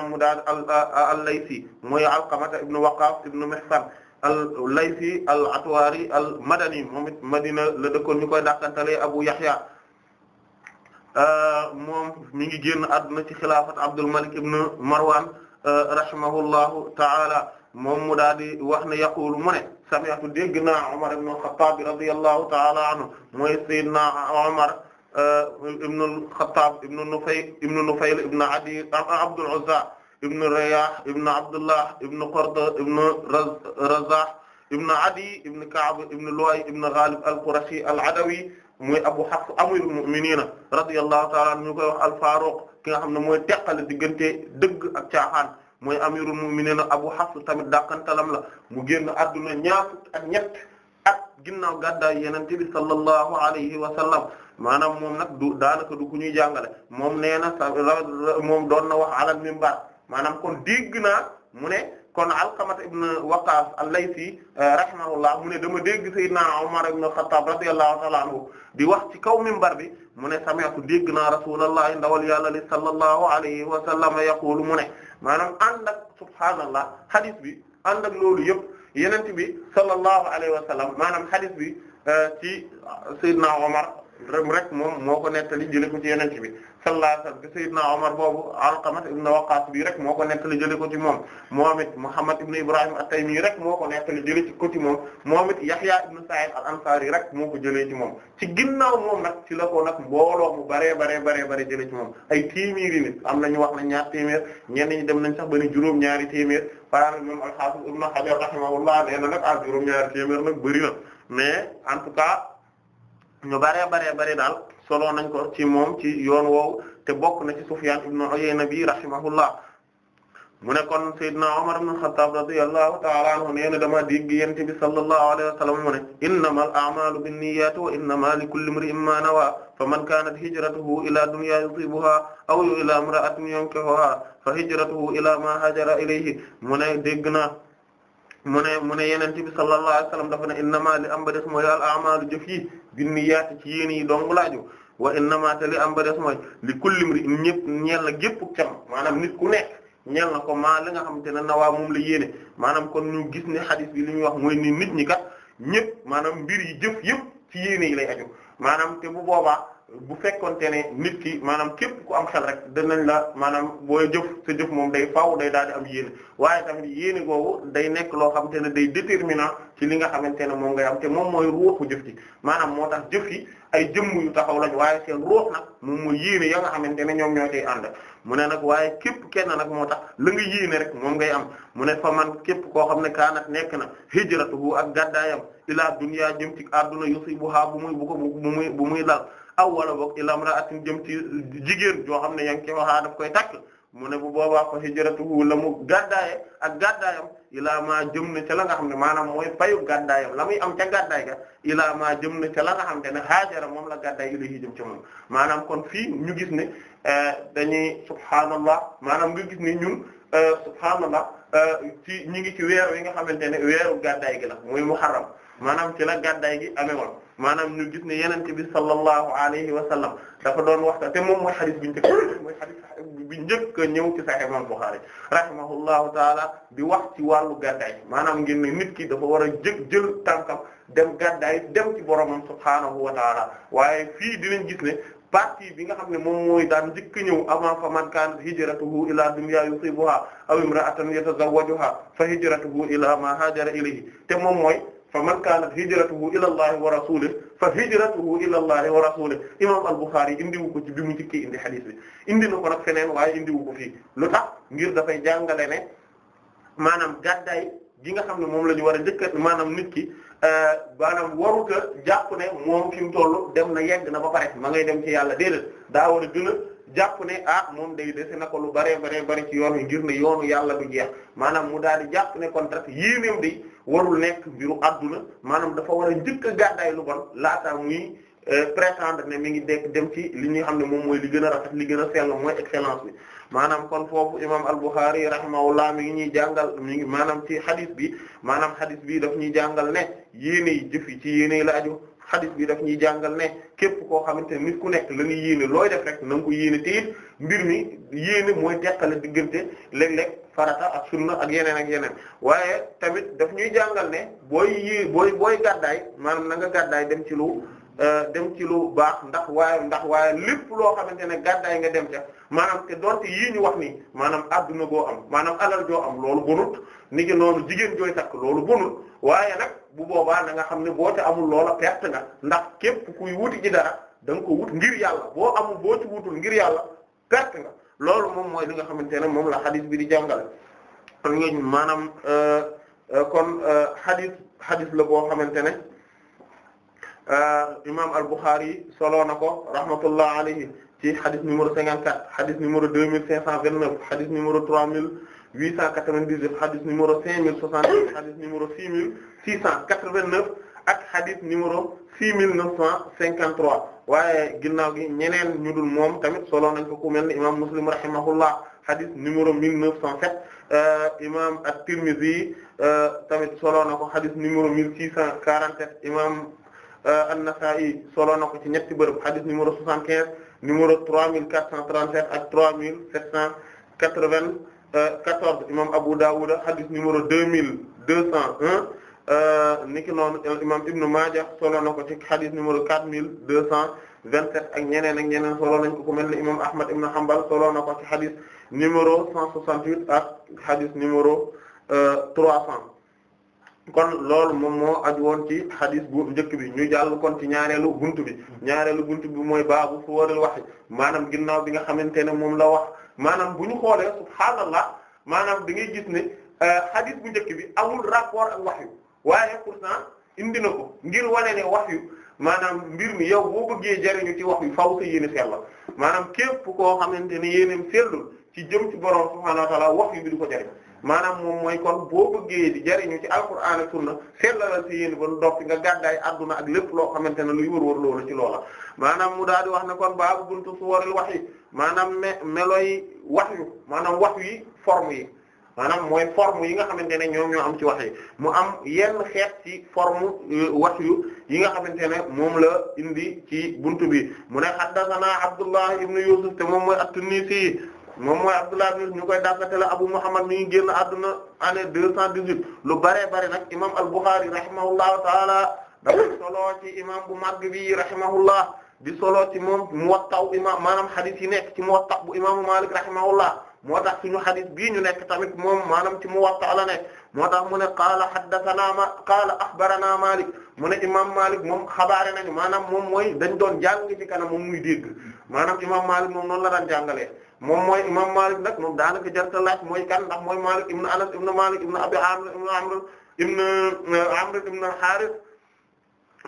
mu daal al euh, al-Laysi mooy Alqamata ibn Waqqaf ibn Mihsan al-Laythi al-Atwari al-Madani moom it Madina la dëkkoon ñu koy dàqantalee Abu Yahya euh, moom mi ngi génn àdduna ci xilaafat Abdul Malik ibn Marwan euh, rahimahullahu ta'ala moom mu daal di wax ne yaqulu mu ne sami'tu dégg naa Umar ibn al-Khattab radiyallahu ta'ala anhu mooy sayyidina Umar euh, ibn al-Khattab ibn Nufayl ibn Nufayl ibn Adi Abdul Uzza ibn Riyah ibn Abdullah ibn Qurda ibn Razah ibn Adi ibn Ka'b ibn Lu'ay ibn Ghalib al-Qurashi al-Adawi muy Abu Hafs amirul mu'minin radiyallahu ta'ala anhu ñu koy wax al-Faruq ki nga xam ne mooy teqale diggante dëgg ak caaxaan mooy amirul mu'minin Abu Hafs tamit dàqantalam la mu génn adduna ñaar ak ñett ak ginnaaw gàddaay Yonent bi sallallahu alayhi wa sallam maanaam moom nag du daanaka du ku ñuy jàngale moom nee na moom doon na wax alal minbar maanaam kon dégg naa mu ne kon Alqamat ibn Waqas al-Laythi euh, rahimahullah mu ne dama dégg Seydina Umar ibn al-Khattab radiyallahu ta'ala anhu di wax ci kaw minbar bi mu ne sami'tu dégg naa Rasulullah ndawal yàlla li sallallahu alayhi wa sallam yaqulu mu ne maanaam ànd ak subhaanallah hadith bi ànd ak loolu yëpp yenent bi sallallahu alayhi wa sallam maanaam hadith bi euh, ci Seydina Umar rek moom moo ko nettali jëlee ko ci yonent bi sallallahu alayhi wasallam sayyidina Omar boobu Alqama ibn moo ko nettali jëlee ko ci moom moom it Muhammad ibn Ibrahim at-Taymi rek moo ko nettali jëlee ci ko ci moom moom it Yahya ibn Sa'id al-Ansari rek moo ko jëlee ci moom ci ginnaaw moom nag ci la ko nag mbooloo mu baree baree baree baree jëlee ci moom ay téeméeri nit am na ñu wax na ñaar téeméer ñenn ñi dem nañ sax ba ni juróom ñaari téeméer par moom al-Hafiz ibn Hajar rahimahullah nee na nag ah juróom ñaari téeméer nag bëri na mais en ñu baree baree bare daal solo nañ ko ci moom ci yoon woowu te bokk na ci Sufyan ibn Uyayna bi rahimahullah mu ne kon Seydina Umar ibn al-Khattab radiyallahu ta'ala anhu nee na dama dégg yent bi sallallahu alayhi wa sallam mu ne innamal a'malu binniyati wa innama likulli imri'in ma nawa faman kanat hijratuhu ila dunya yusibuha aw ila imra'atin yankihuha fa hijratuhu ila ma hajara ilayhi mu ne dégg na mu ne mu ne yonent bi sallallahu alayhi wa dafa ne innama li am ba des mooy al binniyaati ci yéene yi dong laaju wa innama tali am ba des mooy li kulli mri ñëpp ñeel na gépp cam maanaam nit ku nekk ñeel na ko maa li nga xamante ne nawaa moom la yéene maanaam kon ñu gis ne xadis bi li ñuy wax mooy ni nit ñi kat ñëpp maanaam mbir yi jëf yëpp ci yéene yi lay aju maanaam te bu boobaa bu fekkonte ne nit ki maanaam képp ku am xel rek danañ la maanaam booy jëf sa jëf moom day faaw day daal di am yéene waaye tamit yéene googu day nekk loo xamante ne day déterminant ci li nga xamante ne moom ngay am te moom mooy ruuxu jëf ji maanaam moo tax jëf yi ay jëmm yu taxaw lañ waaye seen ruux nag moom mooy yéene ya nga xamante ne ñoom ñoo tey ànd mu ne nag waaye képp kenna nag moo tax la nga rek moom ngay am mu ne fa man képp koo xam ne kaanat nekk na hijratuhu ak gàddaayam ilaa dunya jëm ci adduna yusibuha bu muy bu ko muy bu dal aw wala boog ila imra'atin jëm ci jigéen joo xam ne yang ki waxaa daf koy takk mu ne bu boobaa fa hijratuhu la mu gàddaaye ak gàddaayam ilaa maa jëm na ca la nga xam ne maanaam mooy payu gàddaayam la muy am ca gàddaay ga ilaa jëm na ca la nga xam te ne haajara moom la gàddaay ilayhi jëm ca moom maanaam kon fii ñu gis ne eh, dañuy subhaanallah maanaam nga gis ne ñun eh, subhaanallah eh, ci ñi ngi ci weer wi nga xamante ne weeru gàddaay gi la muy muharram maanaam ci la gàddaay gi amee maanaam ñu gis ne yenente bi sallallahu alayhi wa sallam dafa doon waxtaan te moom mooy xadis bi njëkk mooy xadis bi njëkk a ñëw ci Sahih Imam Bukhari rahimahullahu taala di wax ci wàllu gàddaay maanaam ngeen ne nit ki dafa war a jëg jël tànkam dem gàddaay dem ci boromam subhaanahu wa taala waaye fii dinañ gis ne partie bi nga xam ne moom mooy daan njëkk ñëw avant fa man kan hijratuhu ila dunya yusibuha aw imra'atan yatazawwajuha fa hijratuhu ila ma hajara ilayhi te moom mooy fa man kaanat hijratuhu ila allahi wa rasulih fa hijratuhu ila allahi wa rasulih imam al-Bukhari indiwu ko bi mu njëkkee indi hadith bi indi na ko nag feneen waaye indiwu ko fii lu tax ngir dafay jàngale ne maanaam gàddaay gi nga xam ne moom la ñu war a njëkk maanaam nit ki euh, maanaam waruta jàpp ne moom fi mu dem na yegg na ba pare ma ngay dem ci yàlla déedéet daa war a gën a jàpp ne ah moom day dese na ko lu baree baree bari ci yoon wi ngir ne yoonu yàlla du jeex maanaam mu daal di jàpp ne kon yéeneem warul nekk mbiru adduna maanaam dafa war a njëkk a gàddaay lu bon laataa muy euh, prétendre ne mi ngi dekk dem ci li ñuy xam ne moom mooy li gën a rafet li gën a sell mooy excellence bi manam kon foofu imam al-Bukhari rahimahullah mi ngi ñuy jàngal mi ngi maanaam ci hadith bi maanaam hadith bi daf ñuy jàngal ne yéenay jëf yi ci yéenay la aju hadith bi daf ñuy jàngal ne képp koo xamante ne nit ku nekk la nga yéene looy def rek na nga ko mbir mi yéene mooy teqale diggante léeg-léeg farata ak sunna ak yeneen ak yeneen waaye tamit daf ñuy jàngal ne booy yi booy booy gàddaay maanaam na nga gàddaay dem ci lu euh, dem ci lu baax ndax waaye ndax waaye lépp loo xamante ne gàddaay nga dem ca maanaam te doonte yii ñu wax nii maanaam adduna goo am maanaam alal joo am loolu bonut ni ngi noonu jigéen jooy takk loolu bonut waaye nag bu boobaa na nga xam ne boo ca amul loola perte nga ndax képp kuy wuti ji dara da nga wut ngir yàlla boo amul boo ci wutul ngir yàlla loolu moom mooy li nga xamante ne moom la xadis bi di jàngale kon nga maanaam euh, euh, kon euh, xadis xadis la boo xamante ne imam al-Bukhari solo na ko rahmatullah alayhi ci xadis numéro 54 xadis numéro 2529 xadis numéro 3898 xadis numéro 5060 xadis numéro 6689 ak xadis numéro six mille neuf cent cinquante trois waaye ginnaaw gi ñeneen ñu moom tamit solo nañ ko ku mel ni imam Muslim rahimahullah hadith numéro mille neuf cent sept euh, imam at-Tirmidhi euh, tamit solo na ko hadith numéro mille six cent quarante sept imam euh, an i solo na ko ci ñetti bërëb hadith numéro soixante quinze numéro trois mille quatre cent trente sept ak trois mille sept cent quatre vingt quatorze imam Abu Dawud hadith numéro deux mille deux cent un Euh, niki noonu imam Ibn Maaja solo na ko ci xadis numéro 4227 ak ñeneen ak ñeneen solo nañ ko ku mel ne imam Ahmad Ibn Hanbal solo na ko ci xadis numéro 168 ak xadis numéro 300. Euh, kon loolu moom moo aju woon ci xadis bu njëkk bi ñuy jàll kon ci ñaareelu buntu bi ñaareelu buntu bi mooy baabu su warul wax maanaam ginnaaw bi nga xamante ne moom la wax maanaam bu ñu xoolee subhaanallah maanaam da gis ne euh, xadis bu bi amul rapport ak wax yu waaye pourtant indi na ko ngir wane ne wax yu maanaam mbir mi yow boo bëggee jariñu ci wax yu faw sa yéene sell maanaam képp koo xamante ne yéeneem sellul ci jëm ci borom subhaanahu wa ta'aala wax yu bi du ko jariñ maanaam moom mooy kon boo bëggee jariñu ci alquran ak sunna sellalal si yéen ba nu doppi nga gàddaay adduna ak lépp loo xamante ne luy wër-wër loola ci loola maanaam mu daal di wax ne kon baabu buntu wax yi maanaam me melo yi wax yu maanaam wax yi form yi maanaam mooy forme yi nga xamante ne ñoom ñoo am ci wax mu am yenn xeet ci forme euh, wax yu yi nga xamante ne moom la indi ci buntu bi mu ne haddathana Abdullah ibn Yusuf te moom mooy at moom mooy Abdullah ibn ñu koy dàkkate la Abu Muhammad mi ngi génn àdduna année deux cent dix-huit lu bare bare nag imam al-Bukhari rahimahullahu taala dafa soloo ci imam bu màgg bi rahimahullah di soloo ci moom Muwatta imam maanaam hadith yi nekk ci Muwatta bu imaamu Malik rahimahullah moo tax suñu xadis bii ñu nekk tamit moom maanaam ci Muwatta ala nekk moo tax mu ne qaala haddathana ma qaala akhbarana Malik mu ne imam Malik moom xabaare nañu maanaam moom mooy dañ doon jàng ci kanam moom muy dégg maanaam imam Malik moom noonu la daan jàngalee moom mooy imam Malik nag moom daanaka jarta laaj mooy kan ndax mooy Malik ibn Anas ibn Malik ibn Abi Amr ibn Amr ibn Amr ibn al-Harith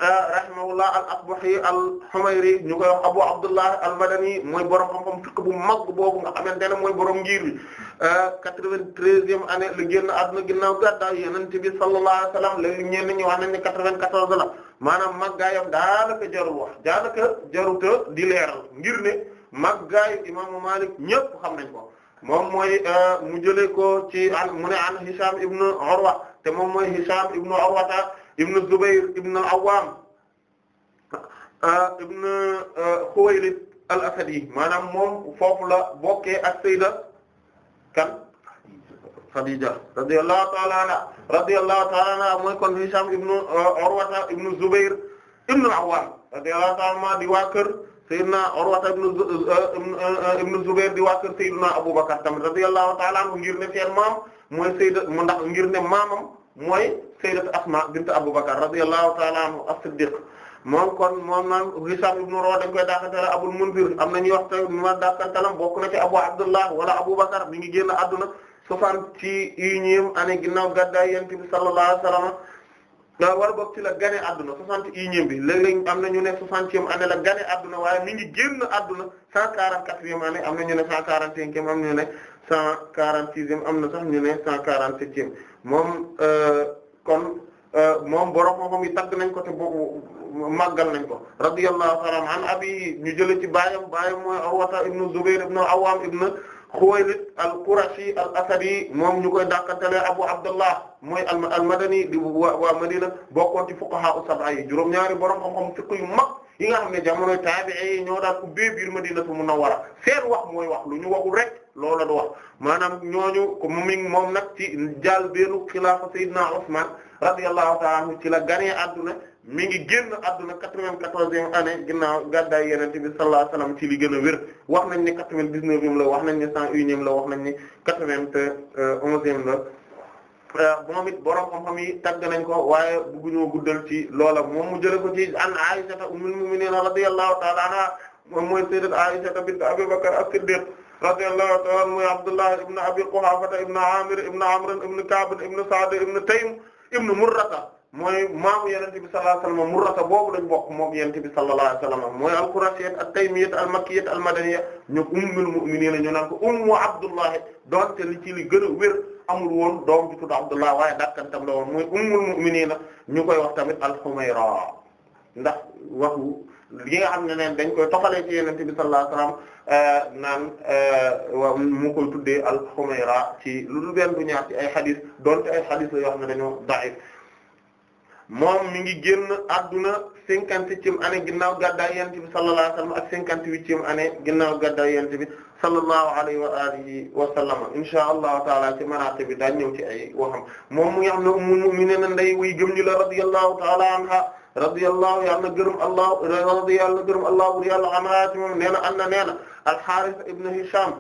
rahimahullah al-Asbahi al-Humayri ñu koy wax Abu Abdullah al-Madani mooy borom xam-xam fiqh bu mag boobu nga xamante ne mooy borom ngir bi euh, 93e année la génn àdduna ginnaaw gàddaay a bi sallallahu alayhi wa sallam léegi ñenn ñi wax nañ ne 94 la maanaam màggaayam daanaka jarul wax daanaka jaruta di leeral ngir ne màggaayu imaamu Malik ñëpp xam nañ ko moom euh, mu jëlee ko ci an mu ne an Hisham ibn Urwa te moom mooy Hisham ibn Urwa ibn Zubayr ibn al-Awwam ah, ibn Khuwaylid ah, al-Asadi maanaam moom foofu la bokkee ak Sayda kan Khadija radiyallahu ta'ala anha radiyallahu ta'ala anha mooy kon Hisham ibn ah, Urwata ibn Zubayr ibn al-Awwam radiyallahu ta'ala anhuma di waa kër Sayyidina Urwata ibn Zubayr di waa kër Sayyidina Abubakar tamit radiyallahu ta'ala anhu ngir ne seen maam mooy Sayda mu ndax ngir ne maamam mooy sayyidat Asma bint Abubakar radiyallahu ta'ala anhu as-Siddiq moom kon moom naan Hisham ibn Urwa dañ koy dàqanteel Abul Munzir am na ñuy wax te ñu ma dàqanteelam bokk na ci Abu Abdullah wala Abubakar mi ngi génn àdduna soixante et unième année ginnaaw gàddaay Yonent bi sallallahu alayhi wasallam waaw war bokk ci la gane àdduna bi léeg-léeg am na ñu ne soixantième année la gane àdduna waaye mi ngi génn àdduna cent am na ñu ne cent quarante-cinquième na ñu ne cent quarante moom euh, kon euh, moom borom moom yi tagg nañ ko te boobu màggal nañ ko radiyallahu ta'ala an abi ñu jële ci baayam baayam mooy Urwata ibnu Zubayr ibnu Awwam ibnu Khuwaylid al-Qurashi al-Asadi moom ñu koy dàqanteel Abu Abdullah mooy al-Madani di waa waa Madina bokkoon ci fuqaha as-sab'a yi juróom-ñaari borom xam-xam fiqh yu mag yi nga xam ne jamonoy taabi'i ñoo daan ubbee biir Madinatu Munawwara seen wax mooy wax lu ñu waxul rek. loola du wax maanaam ñooñu ko mu mi moom nag ci jaal beenu xilaafa sayyidina Usman radiyallahu ta'ala anhu ci la ganee adduna mi ngi génn adduna quatre-vingt-quatorzième année ginnaaw gàddaay yenente bi sallallahu alayhi wasallam ci li gën a wér wax nañ ni quatre vingt dix la wax nañ ni cent unième la wax nañ ni quatre-vingt-onzième la euh, moom it borom xam-xam yi tagg nañ ko waaye bëgguñoo guddal ci loola moom mu jële ko ci an Aisha ummul mu'minin radiyallahu ta'ala anha moom mooy sayyidat Aisha bint Abi Bakr radiyallahu ta'ala anhu muy Abdullah ibn Abi Quhafa ibn Amir ibn Amr ibn Ka'b ibn Sa'd ibn Taym ibn Murrata mooy maamu Yonent bi sallallahu alayhi wasallam Murrata boobu lañ bokk moom Yonent bi sallallahu alayhi wasallam mooy al-Qurashiyya at-Taymiyya al-Makkiyya al-Madaniyya ñu ummul mu'minin ñu naan ko ummu Abdullah doonte li ci li gën a wér amul woon doom ju tudd Abdullah waaye dakkantam la woon mooy ummul mu'minin ñu koy wax tamit al-Humayra ndax waxu yi nga xam ne neen dañ koy toxalee ci yenente bi sallallahu alayhi wasallam euh, naan euh, wa mu koy tuddee al ci lu dul benn du ñaar ci ay xadis donte ay xadis la yoo xam ne dañoo da'if moom mi ngi génn adduna cinquante-septième année ginnaaw gàddaay yonent bi sallallahu alayhi wa sallam ak bi sallallahu alayhi wa alihi wa taala ci manaaqib bi daañ ci ay waxam moom mu na nday way gëm ñu la radiyallahu taala anha radiyallahu yàlla gërëm allah radi yàlla gërëm allah bur yàlla anha ci moom nee na an na nee na al-Harith ibn Hisham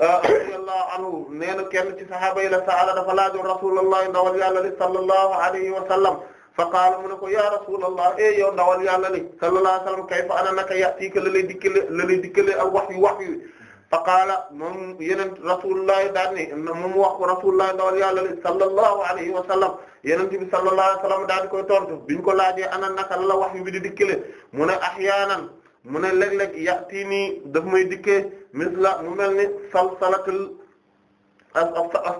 ah, radiyallahu anhu nee na kenn ci sahaaba yi la saala dafa laajoon rasulullah ndawal yàlla li sallallahu alayhi wa sallam fa qaala mu ne ko ya rasulullah e eh, yow ndawal yàlla li sallallahu alayhi wa sallam kayfa ana naka ya'tika la lay dikkale la lay dikkale ak wax yu wax yu fa qaala moom yeneen rasulullah daan ne moom wax ko rasulullah ndawal yàlla li sallallahu alayhi wa sallam yonent bi sallallahu alayhi wasallam daal di koy tontu biñ ko laajee ana naka la wax yu bi di dikkile mu ne ahyaanan mu ne léeg-léeg yàtti nii daf may dikkee misla mu mel ni salsalatul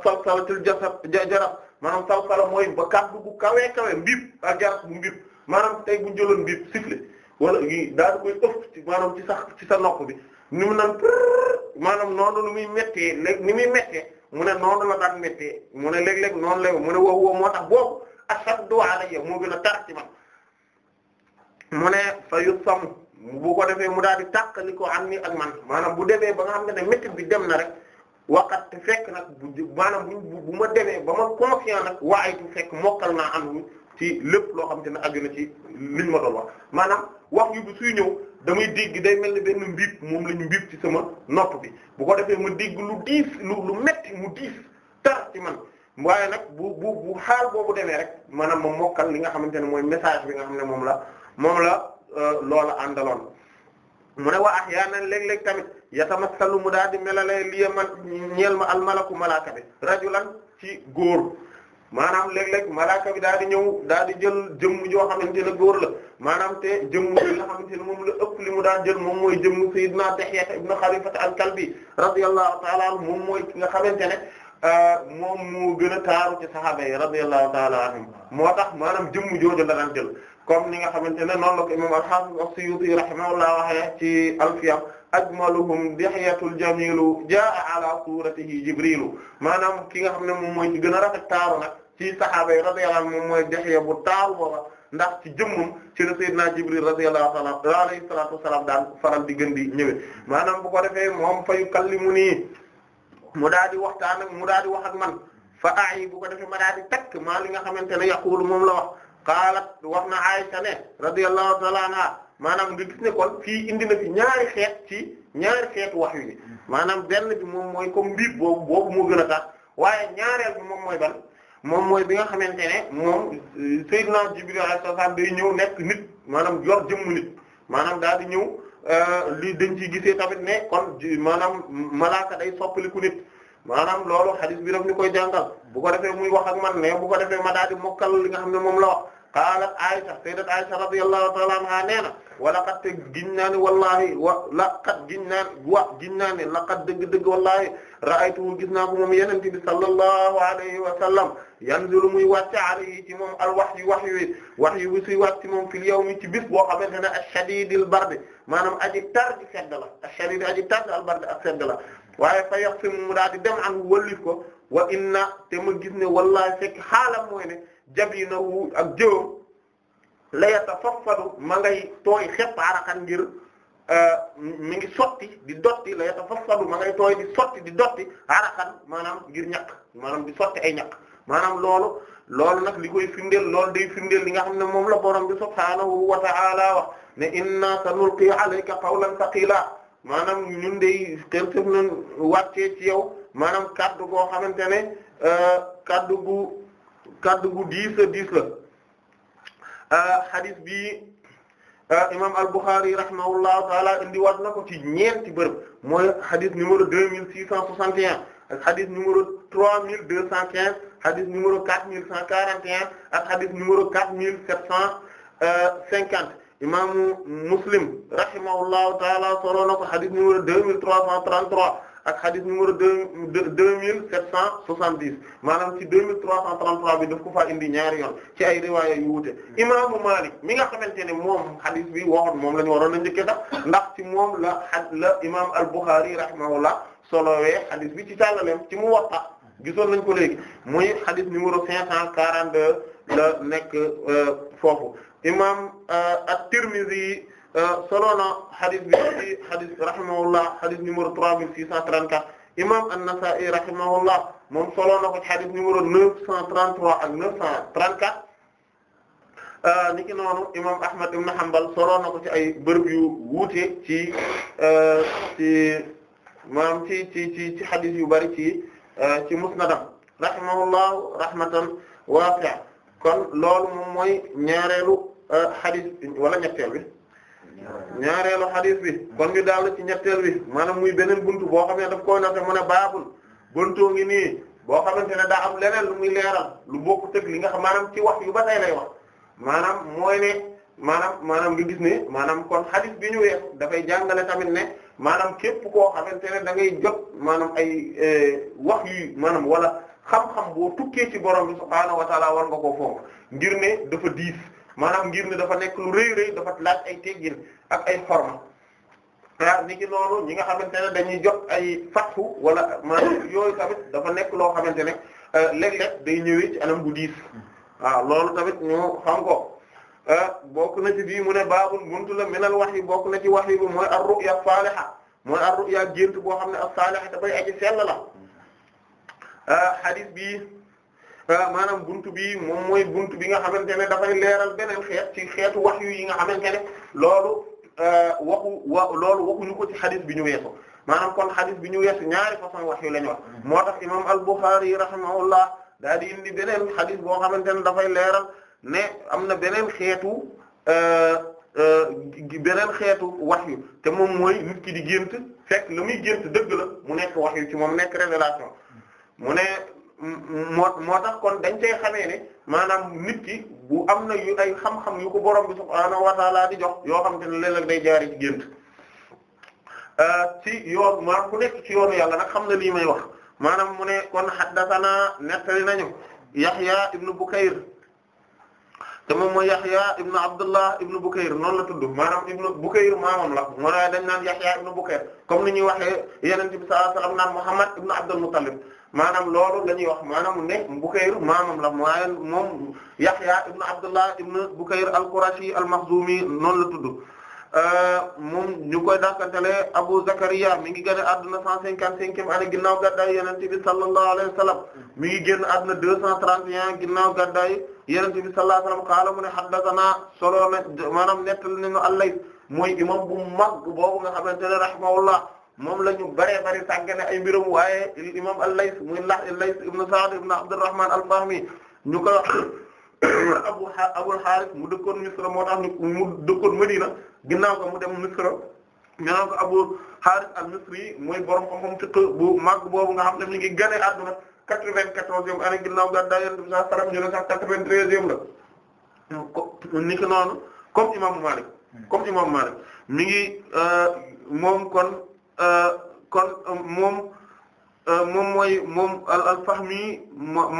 salsalatul jarab maanaam salsala mooy ba kàddu gu kawee kawe mbib ak jarab bu mbib maanaam tey bu jëloon mbib sifflet wala daal di koy ëpp ci maanaam ci sax ci sa nopp bi ni mu naan maanaam noonu lu muy méttee léegi ni muy méttee mu ne noonu la daan méttee mu ne léeg-léeg noonu la mu ne wow wow moo tax boobu ashaddu alayya moo gën na tar ci man mu ne fa yu sam bu ko defee mu daal di tàqali ko mi ni ak man maanaam bu demee ba nga xam ne ne métti bi dem na rek waqat fekk nag bu maanaam bu bu ma demee ba ma confiant nag waaye du fekk mokkal naa am ci lépp loo xam te ne aju na ci liñ ma doon wax maanaam wax yu bu suy ñëw damay dégg day mel ni benn mbiit moom la ñu mbiib ci sama nopp bi bu ko defee ma dégg lu diis lu lu metti mu diis tar ci man waaye nag bu bu bu xaal boobu demee rek maanaam ma mokkal li nga xamante ne mooy message bi nga xam ne moom la moom la euh, loola àndaloon mu ne wa ahyaanan léeg-léeg tamit yatamassalu mu daal di melale liya man ñeel ma almalaku malaaka bi rajulan ci góor maanaam léeg-léeg malaaka bi daal di ñëw daal di jël jëm joo xamante ne góor la maanaam te jëmm bi nga xamante ne moom la ëpp li mu daan jël moom mooy jëmm Sayyidina Dihya ibn Khalifata al-Kalbi radiyallahu ta'ala anhu moom mooy ki nga xamante ne euh, moom moo gën a taaru ci sahaaba yi radiyallahu ta'ala anhum moo tax maanaam jëmm jooju la daan kom ni nga xamante ne noonu la ko imam al-Hafiz as-Suyuti rahimahullah waxee ci Alfiya ajmaluhum dihyatul jamilu jaa ala suratihi jibrilu maanaam ki nga xam ne moom mooy ci gën a rafet taaru nag ci sahaaba yi radiyallahu anhum moom mooy dihya bu taaru booba ndax ci jëmmum ci la sayyidina jibril radiyallahu ta'ala alayhi salatu wassalam daan faral di gën di ñëwee maanaam bu ko defee moom fa yukallimuni mu daa di waxtaan ak mu daa di wax ak man fa ayi bu ko defee ma daa di takk maa li nga xamante ne yaqulu moom la wax qaalat wax na Aisha ne radiyallahu ta'ala anha maanaam nga gis ne kon fii indi na fi ñaari xeet ci ñaari xeetu wax yu ni maanaam benn bi moom mooy comme mbiib boobu boobu moo gën a tax waaye ñaareel moom mooy ban moom mooy bi nga xamante ne moom euh, Seydina Jibril alayhi salaam day ñëw nekk nit maanaam yor jëmm nit maanaam daal di ñëw euh, li dañ ci gise tamit ne kon maanaam malaaka day soppaliku nit maanaam loolu hadith bi daf ñu koy jàngal bu ko defee muy wax ak man ne bu ko defee ma daal di mokkal li nga xam ne la wax qaalat Aisha nee wala kat te giñ naa ne wallaahi wa la kat giñ naa wa giñ naa ne la kat dëgg-dëgg wallaahi ra'aytuhu gis naa ko moom yonent bi sallallahu alayhi wa sallam yanzilu muy wàcc alayhi ci moom al wahyu wahyu wi wahyu wi suy wàcc ci moom fil yawmi ci bis boo xamante ne ash-shadidil bardi maanaam aji tar ci sedd la ash-shadid aji tar al bardi ak sedd la waaye fa yaqsimu mu daal di dem an wëllif ko wa inna te ma gis ne wallaahi fekk xaalam mooy ne jabinahu ak jëwam layata faffadu ma ngay tooy xepp araxan ngir euh, mi ngi sotti di dotti layata faffadu ma ngay tooy di sotti di dotti araxan maanaam ngir ñàkk maanaam di sotti ay ñàkk maanaam loolu loolu nag li koy firndeel loolu day firndeel li nga xam ne moom la borom bi subhaanahu wa ta'ala wax ne inna sanulqi alayka qawlan thaqila maanaam ñun day tel sef nañ wàccee ci yow maanaam kaddu goo xamante ne euh, kaddu gu kaddu gu diis a diis la Euh, hadith bi euh, imam al-Bukhari rahimahullahu taala indi waat na ko ci ñeenti bërëb mooy hadith numéro deux mille six cent soixante et un ak hadith numéro trois mille deux cent quinze hadith numéro quatre mille cent quarante et un ak hadith numéro quatre mille sept cent cinquante imaamu Muslim rahimahullahu taala solo na ko hadith numéro deux mille trois cent trente-trois ak xadis numéro deux deux mille sept cent soixante dix maanaam ci deux mille trois cent trente trois bi daf ko faa indi ñaari yoon ci ay riwaaya yu imaamu Maalik mi nga xamante ne moom xadis bi waxoon moom la ñu waroon a njëkke sax ndax ci moom la xad la imaam al-Bukhari rahimahullah solowee xadis bi ci càllaleem ci mu waxta gisoon nañ ko léegi muy xadis numéro cinq cent quarante deux la nekk euh, foofu imaam euh, at-Tirmidhi solo na xadis bi ci xadis rahimahullah xadis numéro 3634 imam an-Nasa'i rahimahullah moom solo na xadis numéro 933 ak 934 euh, niki noonu imam Ahmad ibn Hanbal solo na ko ci ay bërëb yu wuute ci euh, ci ci ci ci ci xadis yu bari ci euh, ci musnadam rahimahullahu rahmatan waasi'a kon lool moom mooy ñaareelu xadis wala ñetteel bi ñaareelu xadis bi kon ñu daal ci ñetteel bi maanaam muy beneen buntu boo xam ne daf koy nafe mën a baabul buntoo ngi nii boo xamante ne daa am leneen lu muy leeral lu bokku tëg li nga xam maanaam ci wax yu ba tey lay wax maanaam mooy ne maanaam maanaam nga gis ne maanaam kon xadis bi ñu wees dafay jàngale tamit ne maanaam képp koo xamante ne da ngay jot maanaam ay eh, wax yu maanaam wala xam-xam boo tukkee ci borom bi subhaanahu wa taala war nga koo fonk ngir ne dafa diis maanaam ngir ni dafa nekk lu rëy rëy dafa laaj ay teggin ak ay xorma ah ni ñi nga xamante ne dañuy jot ay fattu wala maanaam yooyu tamit dafa nekk loo xamante ne euh, léeg-léeg day ñëwee ci anam bu diis waaw loolu tamit ñu xam ko. Euh, bokk na ci bii mu ne baaxul buntu la minal wahyi bokk na ci wahyi bi mooy ar-ru'ya saaliha mooy ar-ru'ya gént boo xam ne as-saaliha dafay aji sell la euh, hadith bi Ah, maanaam bunt bi moom mooy buntu bi nga xamante ne dafay leeral beneen xeet ci xeetu wax yu yi nga xamante ne loolu ah, waxu wa loolu waxuñu ko ci xadis bi ñu weesu maanaam kon xadis bi ñu weesu ñaari façon wax yu la ñu wax mm-hmm. moo tax imam al-Bukhari rahimahullah daal di indi beneen xadis boo xamante ne dafay leeral ne am na beneen xeetu ah, beneen xeetu wax yu te moom mooy nit ki di gént fekk la muy gént dëgg la mu nekk wax yu ci moom nekk révélation mm-hmm. mu ne moo moo tax kon dañ cey xamee ne maanaam nit ki bu am na yu ay xam-xam yu ku borom bi subhaanahu wa di jox yoo xam te ne léeg-léeg day jaari ci gént euh, ci yoon maa ku nekk ci yoonu yàlla nag xam na lii may wax maanaam mu ne kon haddathana nettali nañu Yahya ibn Bukayr te moom mooy Yahya ibn Abdullah ibn Bukayr noonu la tudd maanaam ibn Bukayr maamam la moo dañ naan Yahya ibn Bukayr comme ni ñuy waxee Yonent bi sallallahu alayhi wasallam naan Muhammad ibn Abdul Muttalib maanaam loolu la ñuy wax maanaam ne Bukayr maamam la waaye moom Yahya ibn Abdullah ibn Bukayr al-Qurashi al la tudd euh, moom ñu koy Abu Zakariya mi ngi génn àdduna cent cinquante-cinquième année ginnaaw gàddaay Yonent bi sallallahu alayhi bi sallallahu alayhi wa sallam qaala mu ne haddathana solo na maanaam nettal nañu àllay mooy imam bu mag boobu nga xamante ne rahimahullah moom la ñu bëree bëri sàggane ay mbiram waaye imam al-Layth muy la al-Layth ibn Sa'd ibn Abdurrahman al-Fahmi ñu ko abu abul mu dëkkoon Misra moo tax mu dëkkoon Medina ginnaaw ko mu dem Misra ñu naan ko abu Harith al-Misri muy borom xam-xam fiqh bu màgg boobu nga xam ne mi ngi gane àdduna quatre-vingt-quatorzième année ginnaaw gàddaay Yonent bi sallallahu alayhi wa sallam ñu ne sax quatre vingt la ni ki noonu comme imam Malik comme imam Malik mi ngi euh, moom kon. Euh, kon euh, moom euh, moom mooy moom al-Fahmi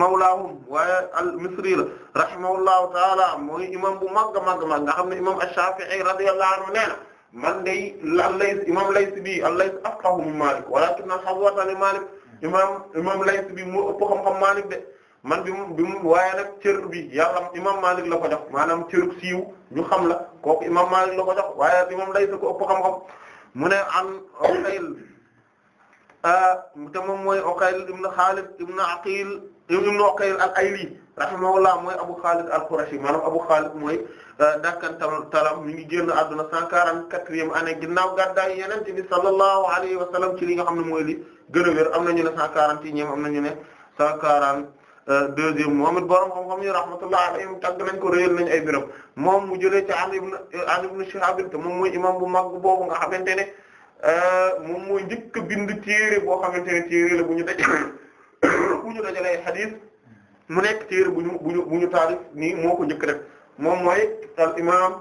mawlaahum waaye al-Misri la rahimahullahu taala mooy imam bu màgg a màgg a màgg nga xam ne imam ash-Shafi'i radiyallahu anhu nee na man day al-Layth imam Layth bi al-Layth afqahu min Malik walakin xawatani Malik imam imam Layth bi mu ëpp xam-xam Malik de man bi mu bi mu waaye nag cër bi yàlla imam Malik la ko jox maanaam cër siiw ñu xam la kooku imam Malik la ko jox waaye imam Layth ko ëpp xam-xam mu ne an Uqayl ah, te moom mooy Uqayl ibn Khalid ibn Aqil ibn Uqayl al-Ayli rahimahullah mooy Abu Khalid al-Qurashi maanaam Abu Khalid mooy ah, dakkantal talam mi ngi génn àdduna 144e année ginnaaw gàddaay Yonent bi sallallahu alayhi wa sallam ci li nga xam ne mooy li gën a wér am nañu ne 140 ñeem am nañu ne 140 deuxième moom it borom xam-xam yi rahmatullah alayhim tagg nañ ko réyal nañ ay biram moom mu jëlee ci an ibn euh, an ibn Shihab te moom mooy imam bu mag boobu nga xamante ne euh, moom mooy njëkk a bind téere boo xamante ne téere la bu ñu dajale bu ñu dajalee xadiis mu nekk téere bu ñu bu ñu bu ñu taalif nii moo ko njëkk def moom mooy al imam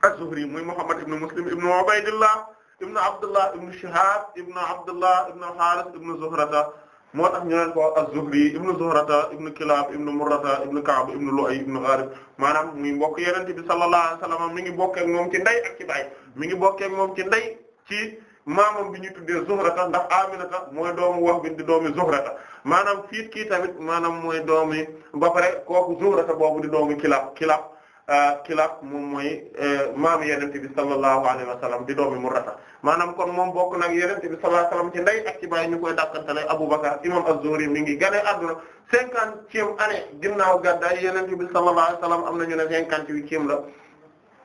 az-Zuhri muy Muhammad ibn Muslim ibn Ubaydillah ibn Abdullah ibn Shihab ibn Abdullah ibn al-Harith ibn Zuhrata moo tax ñu naan ko az-Zuhri ibnu Zuhrata ibnu Kilab ibnu Murrata ibnu Ka'b ibnu Lu'ay ibnu Gharib maanaam muy mbokk Yonent bi sallallahu alayhi wasallam mi ngi bokkee ak moom ci ndey ak ci baay mi ngi bokkee moom ci ndey ci maamam bi ñu tuddee Zuhrata ndax Aminata mooy doomu wax bi di doomi Zuhrata maanaam fiit kii tamit maanaam mooy doomi ba pare kooku Zuhrata boobu di doomi Kilab Kilab Euh, Kilab moom mooy euh, maamu Yonent bi sallallahu alayhi wa sallam di doomi Murrata maanaam kon moom bokk nag Yonent bi sallallahu alayhi wa sallam ci ndey ak ci baay ñu koy dàqantale Abu Bakar imam Az-Zuhri mi ngi gane àdduna cinquantième année ginnaaw gàddaay Yonent bi sallallahu alayhi wa sallam am na ñu ne cinquante-huitième la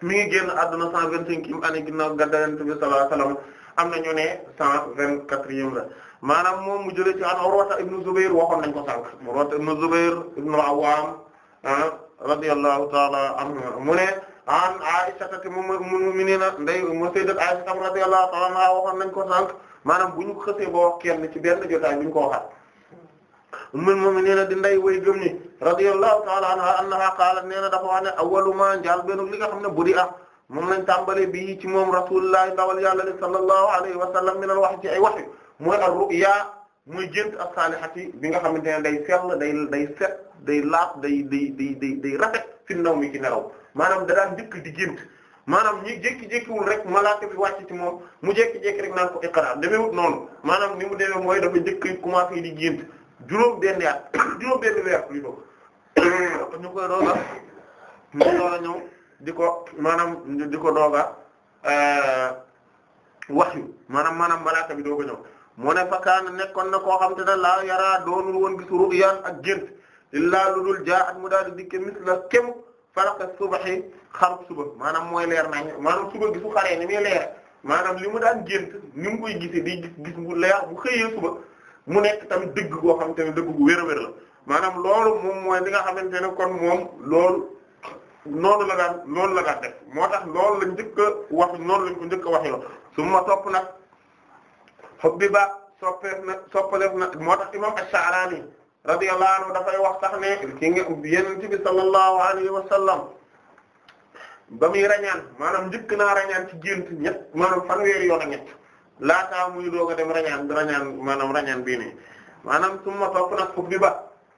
mi ngi génn àdduna cent vingt-cinquième année ginnaaw gàddaay Yonent bi sallallahu alayhi wa am na ñu ne cent vingt-quatrième la maanaam moom mu jëlee ci an Urwata ibnu Zubayr waxoon nañ ko sànq Urwata ibnu Zubayr ibnu Awwam ah, radiyallahu ta'ala anhu mu ne an Aisha ummul mu'minina nday mo sayyidat Aisha radiyallahu ta'ala anha waxoon nañ ko sànq maanaam bu ñu xësee boo wax kenn ci benn jotaay bu ñu ko waxaat ummul mu'minina di nday way gëm ni radiyallahu ta'ala anha annaha qaalat nee na dafa wax ne awwalu ma njaal benn li nga xam ne bu di ah moom lañ tàmbalee bii ci moom rasulullah ndawal yàlla sallallahu alayhi wa sallam min al wahyi ci ay wahyi mooy ar-ru'ya muy gént ak saalihati bi nga xamante ne day sell day day set day laab day day day day day rafet fi naw mi ci nelaw maanaam da daan njëkk di gént maanaam ñi jékki-jékkiwul rek malaaka bi wàcc ti moom mu jékki-jékki rek naan ko iqra demeewut noonu maanaam ni mu demee mooy dafa njëkk commencé di gént juróom benn at juróom benn weer li do ñu koy dooga ñu dooga ñëw di ko maanaam di ko dooga euh, waxyu maanaam maanaam malaaka bi dooga ñëw moo ne fakaana nekkoon na ko xam te ne laa yaraa doonul woon gis ru'yan ak gént laa lu dul jaa at mu daal di dikke misla kem faraka subahi xarub suba maanaam mooy leer nañ maanaam suba gisu xaree ni muy leer maanaam li mu daan gént ni mu koy di gis gis bu mu bu xëyee suba mu nekk tam dëgg goo xam te ne dëgg gu wér a la maanaam loolu moom mooy li nga xamante ne kon moom loolu noonu la loolu la daan moo tax loolu la njëkk wax noonu lañ ko njëkk a waxee la nag hubbiba soppeef na soppaleef na moo tax imam Ash-Sha'rani radiyallahu anhu dafay wax ne ki nga yonent bi sallallahu alayhi wa sallam ba muy rañaan maanaam njëkk naa rañaan ci gént ñett maanaam fanweeri yoon ak ñett laataa muy doog a dem rañaan rañaan maanaam rañaan bii nii maanaam summa topp nag hubbiba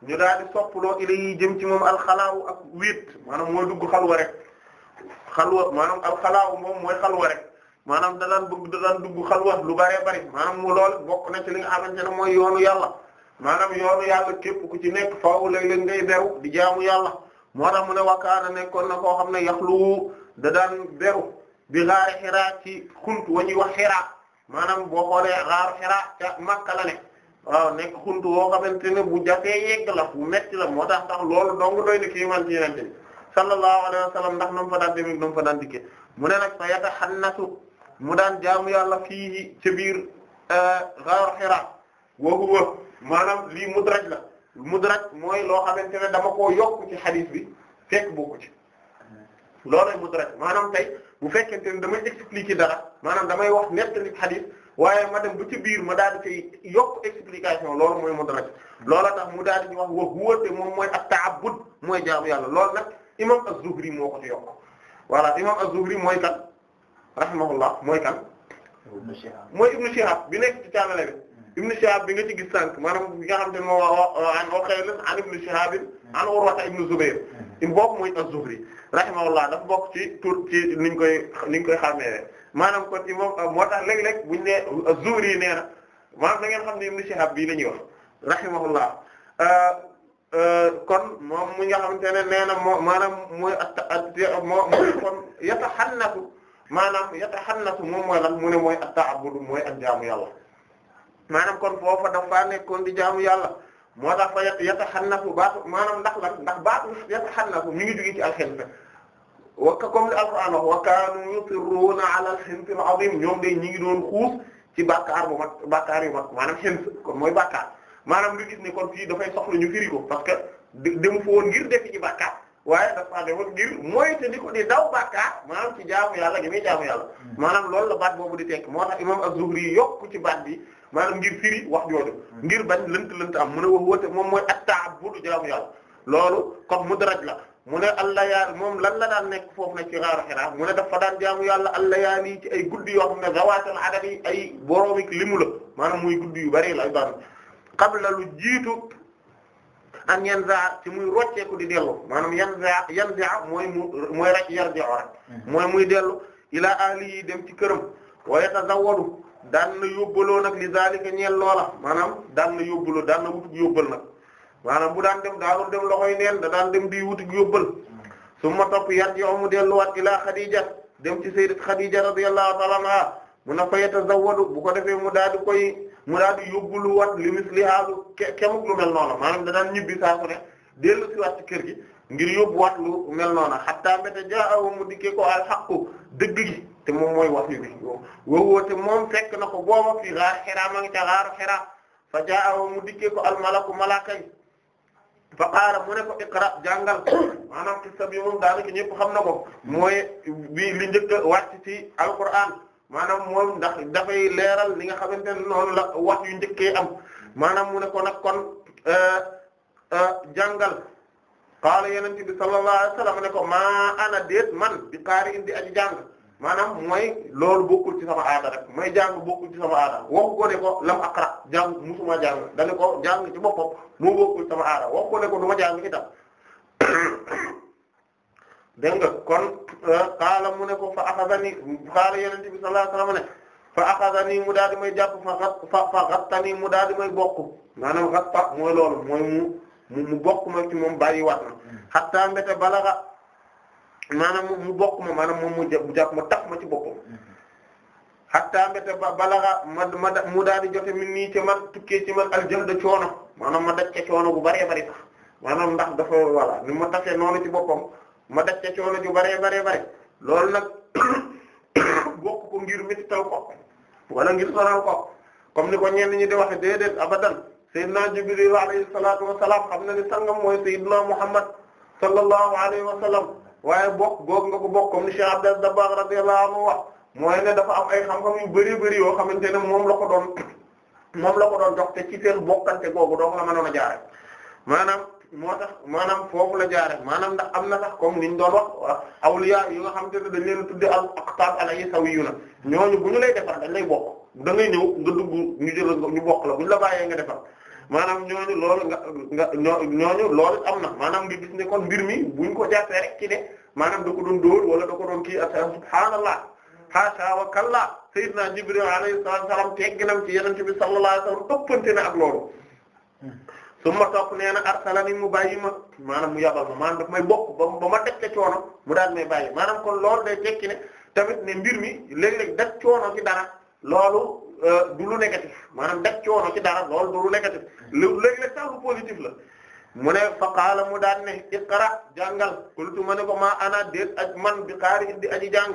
ñu daal di soppaloo ilay jëm ci moom alxalaawu ak wéet maanaam mooy dugg xalwa rek xalwa maanaam alxalaawu moom mooy xalwa rek maanaam da daan bëgg da daan dugg xalwat lu bëree bëri maanaam mu lool bokk na ci li nga ne mooy yoonu yàlla maanaam yoonu yàlla képp ku ci nekk faaw léeg-léeg ngay beru di jaamu yàlla moo tax mu ne wakkaana nekkoon na koo xam ne yaxlu da daan beru bi xaari xiraa ci xunt wa ñuy wax xiraa maanaam boo xoolee xaaru xiraa ca Makka nekk xunt woo xamante ne bu jafee yegg la bu metti la moo tax tax loolu dong doy na kiiman ci yenente bi sallallahu alayhi wa sallam ndax nu mu fa mu daan jaamu yàlla fii ci biir xaaru euh, Hiraa wa huwa maanaam lii mu mudraj la mudraj mooy loo xamante ne dama koo yokk ci xadiis bi fekk bokku mu loolu mudraj maanaam tey bu fekkente ne damay expliquer dara maanaam damay wax nettali xadiis waaye ma dem bu ci biir ma daal di koy yokk explication loolu mooy mudraj loola tax mu daal di wax wa huwa te moom mooy at mooy jaamu yàlla loolu nag imam az-Zuhri moo ko yokk voilà imam az-Zuhri mooy kat. rahimahullah mooy kan. mooy Ibn Shihab bi nekk ci caalale bi. Hmm. Ibn Shihab bi nga ci gis sànq maanaam bi nga xam te ne moom an Uqayl an Ibn Shihab hmm. an Urwa ibn Zubayr. Hmm. im bokk mooy az-Zuhri rahimahullah dafa bokk ci tur ci niñ koy niñ koy xàmmee maanaam kon moom euh, moo tax léeg-léeg buñ nee az na ngeen xam ne Ibn Shihab bii la ñuy wax rahimahullah euh, euh, kon moom mi nga xamante ne nee na moo maanaam mooy at at moo maanaam yataxannasu moom mooy lan mu ne mooy at-ta'abbud mooy ak jaamu yàlla maanaam kon foofa dafa nekkoon di jaamu yàlla moo tax fa yataxannasu baatu maanaam ndax lan ndax baatu yataxannasu mi ngi jóge ci alxenfe wakka comme li alquran wax wa kaanu yusirruuna ala al-xinsil azim ñoom day ñi ngi doon xuus ci bàkkaar bu mag bàkkaar yu mag maanaam xins kon mooy bàkkaar maanaam nga gis ne kon fii dafay soxla ñu firi ko parce que dem fa woon ngir defi ci bàkkaar waaye dafa defoon ngir mooy te di ko di daw bàkkaar maanaam ci jaamu yàlla gi jaamu yàlla hmm. maanaam loolu la baat boobu di tekk moo tax imam az-Zuhri yokk ci baat bi maanaam ngir firi wax jooju hmm. ngir bañ lënt lënt am mu ne wax woote moom mooy at-ta'abbud jaamu yàlla loolu comme mudraj la mu ne allah yaa moom lan la daan nekk foofu na ci xaaru Hiraa mu ne dafa daan jaamu yàlla allah yaa nii ci ay guddi yoo xam ne zawaatul adadi ay boroomi limu la maanaam muy guddi yu bari la ay ak yan za ci muy rocceeku di dellu maanaam yan za yan za mooy mu mooy rek yar mm-hmm. muy dellu ilaa ahli yi dem ci këram wa yatazawwadu daan na yóbbaloo nag li zalika ñeel loola maanaam daan na yóbbaloo daan na wutug yóbbal bu daan dem daanul dem loxoy neen da daan dem di wutug yóbbal mm-hmm. su ma topp yar ji mu delluwaat ilaa Khadija dem ci sayyidat Khadija radiyallahu ta'ala anha mu ne fa yatazawwadu bu ko defee mu daal di koy mu daal di yóbbu lu wat li mislihaa lu kemuk lu mel noonu maanaam da daan ñibbi saa su ne dellu si waat ci gi ngir yóbbu wat lu mel noonu hatta mbéte jaa mu dikkee ko al haqqu dëgg gi te moom mooy wax yu bi te moom fekk na ko booba fii xaar xeraa ma ngi ca xaaru xeraa fa jaa mu dikkee ko al malaku malaaka yi fa qaala mu ne ko iqra jàngal maanaam qissa bi moom daanaka ñëpp xam na ko mooy bi li njëkk wa wàcc ci maanaam moom ndax dafay leeral li nga xamante ne noonu la wax yu njëkkee am maanaam mu ne ko nag kon euh, euh, jàngal qaala yonent bi sallallahu alayhi wasallam ko maa ana déet man bi qaari indi aji jàng maanaam mooy loolu bokkul ci sama aada rek mooy jàng bokkul ci sama aada waxu ko ne ko lam aqra jàng musuma jàng da ne ko jàng ci boppam moo bokkul sama aada waxu ko ne duma jàng itam dégg nga kon xaala euh, mu ne ko fa axadani mu daal may jàpp fa xat mu daal di may bokk maanaam xat pa mooy loolu mooy mu mu ma ci moom bàyyi wat na mm. xattaa mbéte balaxa maanaam mu bokk ma maanaam moom mu jàpp ma tax ma ci boppam mm-hmm. xattaa mbéte balaxa ma ma mu daal di jote min nii ci man tukkee ci man aljahda coono maanaam ma daj coono bu bëree bëri sax maanaam ndax dafa voilà ni ma taxee noonu ci boppam ma daj ca coono ju bare bare bare lool nag bokk ko ngir métital ko wala ngir sonal ko comme ni ko ñeen ñi di waxe déedéet abadan sayyidina Jibril alayhi salaatu wa salaam xam na ni sangam mooy sayyidina Muhammad sallallahu alayhi wa sallam waaye bokk goog nga ko bokk comme ni Cheikh Abdel Dabbar radiyallahu anhu wax mooy ne dafa am ay xam-xam yu bari bëri yoo xamante ne moom la doon moom la ko doon jox te ci seen bokkante googu doo ko la mënoon jaare maanaam moo tax maanaam foofu la jaare maanaam da am na sax comme niñ doon wax awliya yu nga xam te ne dañ leen tudde al aqtab ala yasawiyuna ñooñu gu ñu lay defar dañ lay bokk da ngay ñëw nga dugg ñu bokk la bu ñu la bàyyee nga defar maanaam ñooñu loolu nga nga ñooñu loolu am na maanaam nga gis ne kon mbir mi bu buñ ko jàppee rek ci ne maanaam da ko doon dóor wala da ko doon kii ak subhaanallah haasha wa kalla sayyidina jibril alayhi salaam tegginam ci yenente bi sallallahu alayhi wasallam toppante na ak loolu su ma toog nee na arsalani mu yi ma maanaam mu yabal ma may bokk ba ba ma def coono mu daal may bàyyi maanaam kon lool day tekki ne tamit ne mbir mi léeg-léeg def coono ci dara loolu euh, du lu négatif maanaam def coono ci dara loolu du lu négatif lu léeg lu positif la mu ne fa qaala mu daal ne iqra jàngal qultu ma ko maa ana déet ak man bi qaari indi aji jàng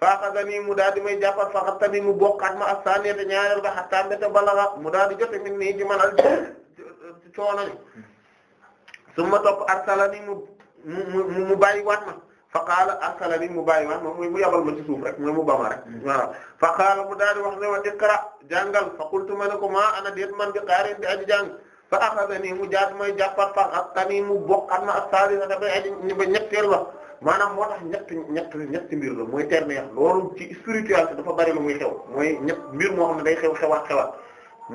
faaxasani mu daal di may jàppal faxatani mu bokkaat ma ak saaniyata ñaareel ba xattaa mbéta balaga di jote min nii ci coono yi summa topp arsalani mu mu mu bàyyi waat ma fa qaala arsalani mu bàyyi waat ma mooy mu yabal ma ci suuf rek mooy mu bama rek waaw mm-hmm. fa qaala mu daal di wax ne wa iqra jàngal fa qultu ma ne ko maa ana déet man di qaari di aji jàng fa axadani mu jaat may jàppat fa attani mu bokkat ma assaali sa dafay aji ba ñetteel ba maanaam moo tax ñett ñett ñetti mbir la mooy terneex loolu ci spiritualité bari lu muy xew mooy ñett mbir moo xam ne day xew xewaat xewaat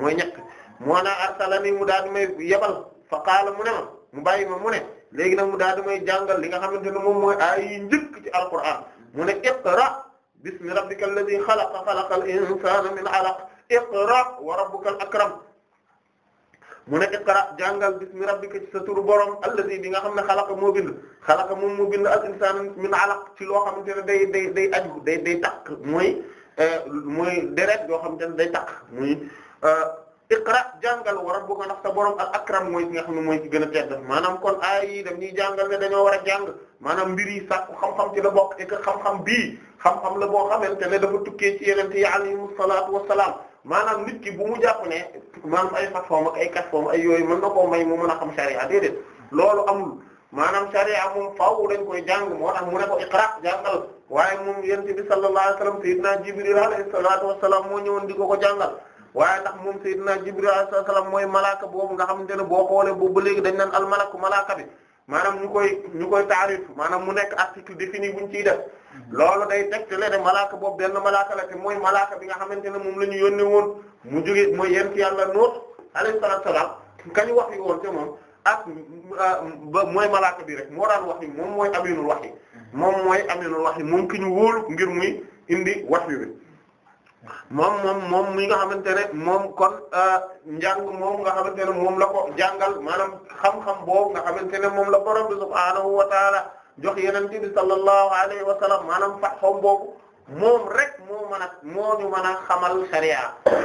mooy ñett moo naa arsalani mu daal di may mu ne mu bayi ma mu ne léegi nag mu daal di may jàngal li nga xamante ne moom mooy ay yi ci alquran mu ne iqra bismi rabbika alladhi xalaqa xalaqal insana min alaq iqra wa rabbukal akram mu ne iqra jàngal bismi ci sa turu borom allazi bi nga xam ne xalaqa moo bind xalaqa moom moo bind al insaan min alaq ci loo xam ne day day day aju day day takk mooy euh, mooy deret yoo xam ne day takk muy euh, iqra jàngal wa rabbuka ndax sa borom ak akram mooy ki nga xam ne mooy ki gën a tedd maanaam kon ay yi daf ñuy ne dañoo war a jàng maanaam mbir yi sàkku xam-xam ci la bokk et xam-xam bii xam-xam la boo xamante ne dafa tukkee ci yenente yi alayhimu salaatu wassalaam maanaam nit ki bu mu jàpp ne maanaam ay façon ak ay kasfom ay yooy mën na koo may mu mën a xam sharia déedéet loolu amul maanaam sharia moom faw dañ koy jàng moo tax mu ne ko iqra jàngal waaye moom yonent bi sallallahu alayhi wasallam sayyidina Jibril moo ñëwoon di ko jàngal waaye ndax moom Seydina naa alayhi salaam mooy malaaka boobu nga xamante ne boo xoolee boobu ba léegi dañ naan almalaku malaaka bi maanaam ñu koy ñu koy taarif maanaam mu nekk article défini buñ ciy def loolu day teg te leen malaaka boobu benn malaaka la te mooy malaaka bi nga xamante ne moom la ñu yónnee woon mu jógee mooy yent yàlla Nuux alayhi salaatu wa salaam kañu wax yi woon te moom ak mooy malaaka bi rek moo daan wax yi moom mooy aminul wax yi moom mooy aminul wax yi moom ki ñu wóolu ngir muy indi wax wi moom moom moom mi nga xamante ne moom kon euh, njàng moom nga xamante ne moom la ko jàngal maanaam xam-xam boobu nga xamante ne moom la borom bi subhaanahu wa taala jox yeneen bi sallallahu alayhi wa sallam maanaam faxom boobu moom rek moo mën a moo ñu mën a xamal sharia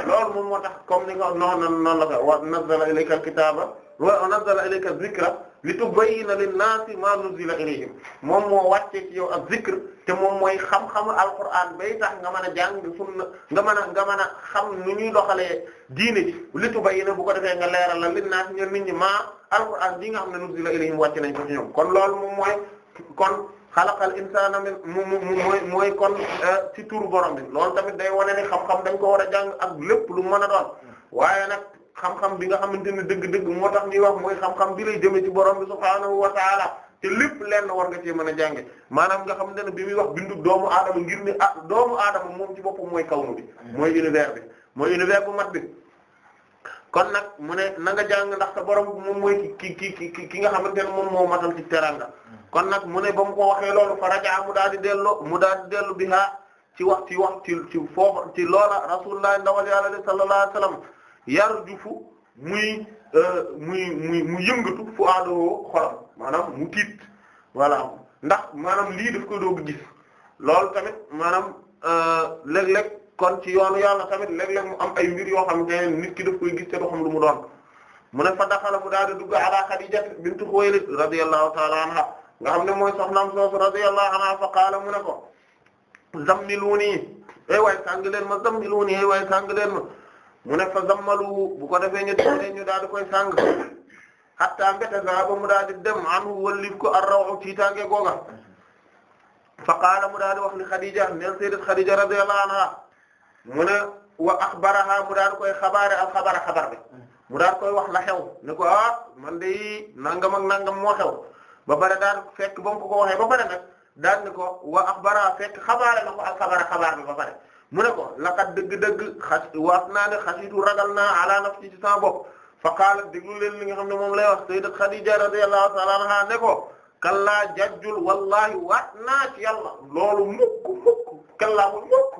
loolu moom moo tax comme ni nga noonu noonu la ko wa nazzala ilayka al-kitaaba wa nazzala ilayka adh-dhikra li tubayyina lin-naasi maa nuzzila ilayhim moom moo wàcce ci yow ak zikr moom mooy xam-xamul alquran bay tax nga man a jàng sunna nga mën a nga man a xam nu ñuy doxalee diine ji li tubayyina bu ko defee nga leeral la li naas ñen nit ñi maa alquran bi nga xam ne nuzila ilayhim wàcc nañ ko ci ñoom kon loolu moom mooy kon xalaqal insaana min mooy mooy kon euh, ci turu borom bi loolu tamit day wane ni xam-xam dañ ko war a jàng ak lépp lu mën a doon waaye nag xam-xam bi nga xamante ne dëgg-dëgg moo tax ñuy wax mooy xam-xam bi lay jëmee ci borom bi subhaanahu wa taala te leen lenn war nga cee mën a jànge maanaam nga xam ne bi muy wax bindu doomu aadama ngir ni ah doomu aadama moom ci boppam mooy kawnu bi mooy univers bi mooy univers bu mat bi kon nag mu ne na nga jàng ndax sa borom moom mooy ki ki ki ki nga xamante ne moom moo matal ci teranga kon nag mu ne ba mu ko waxee loolu fa raja mu daal di delloo mu daal di dellu bi haa ci wax ci wax ci ci foofa ci loola rasulullah ndawal yàlla de sallallahu alayhi wasallam euh, muy muy muy mu yëngatu fu aadoo maanaam mu tiit voilà ndax maanaam lii daf koy doog gis loolu tamit maanaam euh, léeg-léeg kon ci yoonu yàlla tamit léeg-léeg mu am ay mbir yoo xam ne nit ki daf koy gis te du xam lu mu doon mu ne fa daxala mu daal di dugg ala Xadija bintu Xuwaylid radiyallahu ta'ala anha nga xam ne mooy soxnaam soosu radiyallahu anha fa qaala mu ne ko zammiluni ay eh waay sàng leen ma zammiluni ay eh waay sàng leen ma mu ne fa zammalu bu ko defee ñu defee ñu daal di koy sàng hatta mbete zahaba mu daal di dem anhu wallif ko ar-raw'u tiitaange googa fa qaala mu daal di wax li Khadija neel sayyidat Khadija radiyallahu anha mu ne wa akhbaraha mu daal koy xabaare al xabara xabar bi mu daal koy wax la xew ne ko ah man de nangam ak nangam moo xew ba pare daal fekk ba mu ko waxee ba pare nag daal ni ko wa akhbaraha fekk xabaare na ko al xabara xabar bi ba pare mu ne ko laqad dëgg-dëgg xas waas naa ne ragal naa ala nafsi ci sama fa qaalat déglu leen li nga xam ne moom lay wax sayyidat Khadija radiyallahu ta'ala anha ne ko kallaa jajjul wallahi waat naa ci yàlla loolu mukk mukk kallaa mu mukk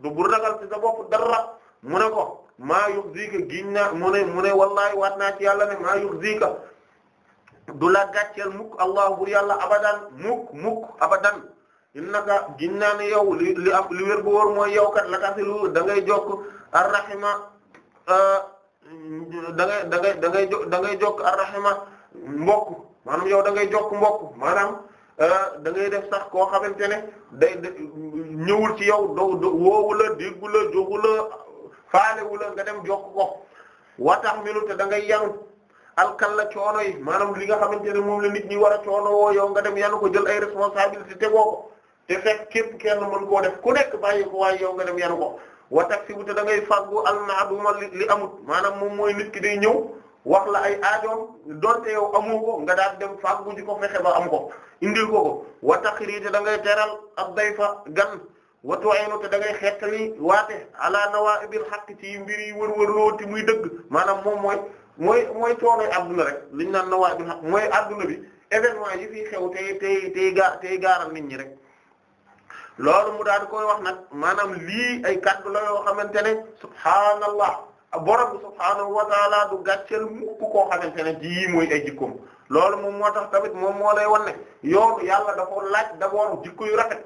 du bu ragal ci sa bopp dara mu ne ko maa yuxzika giñ naa mu ne mu ne wallahi waat naa ci yàlla ne maa yuxzika du la gàcceel mukk allah bur yàlla abadan mukk mukk abadan innaka giñ naa ne yow li bu wóor mooy yow kat la kasi lu da ngay da ngay da ngay da ngay da ngay jokk arrahima mbokk maanaam yow da ngay jokk mbokk maanaam euh, da ngay def sax koo xamante ne day ñëwul ci yow doo doo woowu la déggu wula jógu la faalewu nga dem jokk ko watax milu te da ngay yanu alkal la coono yi maanaam li nga xamante ne moom la nit ñi war a coono woo yow nga dem yanu ko jël ay responsabilité tegoo ko te fekk kenn mën koo def ku nekk bàyyi ko waay yow nga dem yanu ko wa tax si te da ngay fàggu al naaduma li amut maanaam moom mooy nit ki ñëw wax la ay aajoom donte yow amoo ko nga daal dem fàggu ji ko fexe a am ko indil ko ko wa tax te da ngay teral ab day fa gan wa tu'inu te da ngay xettali waate ala nawaa'ibil haqq ci mbir yi wër-wër ti muy dëgg maanaam moom mooy mooy mooy coonoy adduna rek liñ naan nawaa'ibil haqq mooy adduna bi événement yi fi xew tey tey te gaa tey nit ñi rek. loolu mu daal di koy wax nag maanaam lii ay kaddu la yoo xamante ne subhaanallah borom subhaanahu wa taala du gàcceel mukk koo xamante ne ci yii mooy ay jikkoom loolu moom moo tax tamit moom moo lay wan ne yoonu yàlla dafa laaj d'abord jikko yu rafet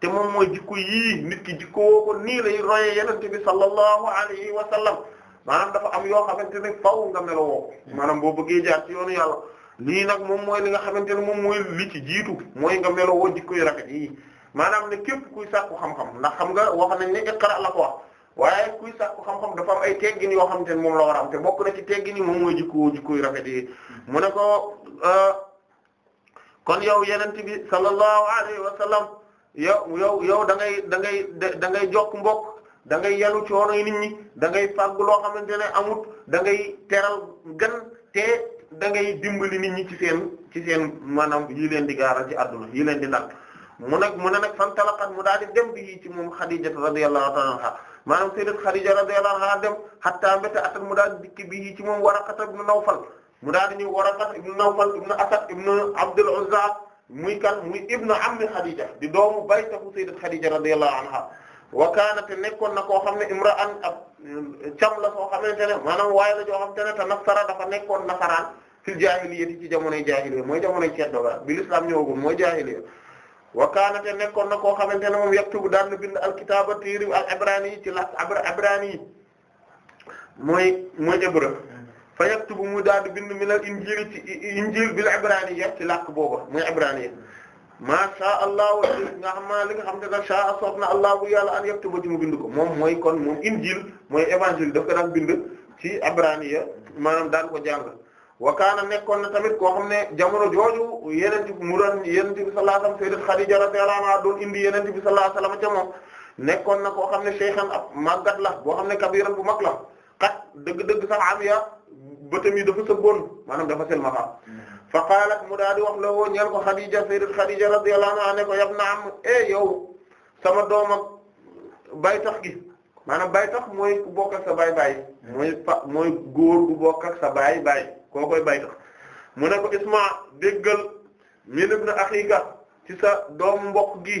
te moom mooy jikko yii nit ki jikko woo ko nii lay royee yonent bi sallallahu alayhi wa sallam maanaam dafa am yoo xamante ne faaw nga melo woo maanaam boo bëggee jaar ci yoonu yàlla lii nag moom mooy li nga xamante ne moom mooy li ci jiitu mooy nga melo jikko yu rafet yii maanaam ne képp kuy saaku xam-xam ndax xam nga wax nañ ne iqra la ko wax kuy sàkku xam-xam dafa am ay teggin yoo xam ne moom la war te bokk na ci teggin yi moom mooy jikko jikko yu rafet yi mu ne ko euh, kon yow yenent bi sallallahu alayhi wa sallam yow yow yow da ngay da ngay da ngay jokk mbokk da ngay yalu coono yi nit ñi da ngay fàgg loo xamante ne amut dangay ngay teral gan te da ngay dimbali nit ñi ci seen ci seen maanaam yi leen di gaaral ci àdduna yi leen di nag mu nag mu ne nag fan talaqat mu daal di dem bi ci moom Khadija radiyallahu ta'ala anha maanaam sayyidat Khadija radiyallahu anha dem hatta mbéta atat mu daal di dikk bi ci moom Waraqat ibn Nawfal mu daal di ñëw Waraqat ibn Nawfal ibn Asad ibn Abdul Uzza muy kan mu muy ibnu ammi Khadija di doomu baytafu sayyidat Khadija radiyallahu anha wa kaanat nekkoon na koo xam ne imra'an ab cam la soo xamante ne maanaam waaye la joo xamante ne te nasara dafa nekkoon nasaraan fil jaahiliyyati ci jamonoy jaahiliyya mooy jamonoy ceddo ba bi l'islam ñëwagul wa kaana te nekkoon na koo xamante ne moom yaktubu daan na bind alkitaaba téere al ibraani yi ci las abra ibraani yi mooy mooy mu daan bind minal injiil ci injiil bil ibraani yi ci làkk booba mooy ibraani yi maasha allah nga xam maa li nga xam te nag sha soob yàlla an yaktuba ci mu bind ko moom mooy kon moom injil mooy évangile daf ko daan bind ci ibraani ya maanaam daan ko jàng wa kaana nekkoon na tamit koo xam ne jamono jooju yeneen ci mu doon yeneen bi sallallahu alayhi doon indi yeneen bi sallallahu alayhi wasallam ca nekkoon na koo xam ne shaykhan ab màggat la boo xam ne kabiran bu mag la kat dëgg-dëgg sax am ya yi dafa sëggoon fa qaalat mu daa di wax la woo ñeel ko Khadija sayyidat Khadija radiyallahu anha ne ko yab na am e yow sama doom ak tax gi maanaam bay tax mooy ku bokk ak sa baay baay mooy fa mooy góor gu bokk ak sa baay koo koy bayta mu ne ko isma déggal min ibn akhika ci sa doom mbokk gi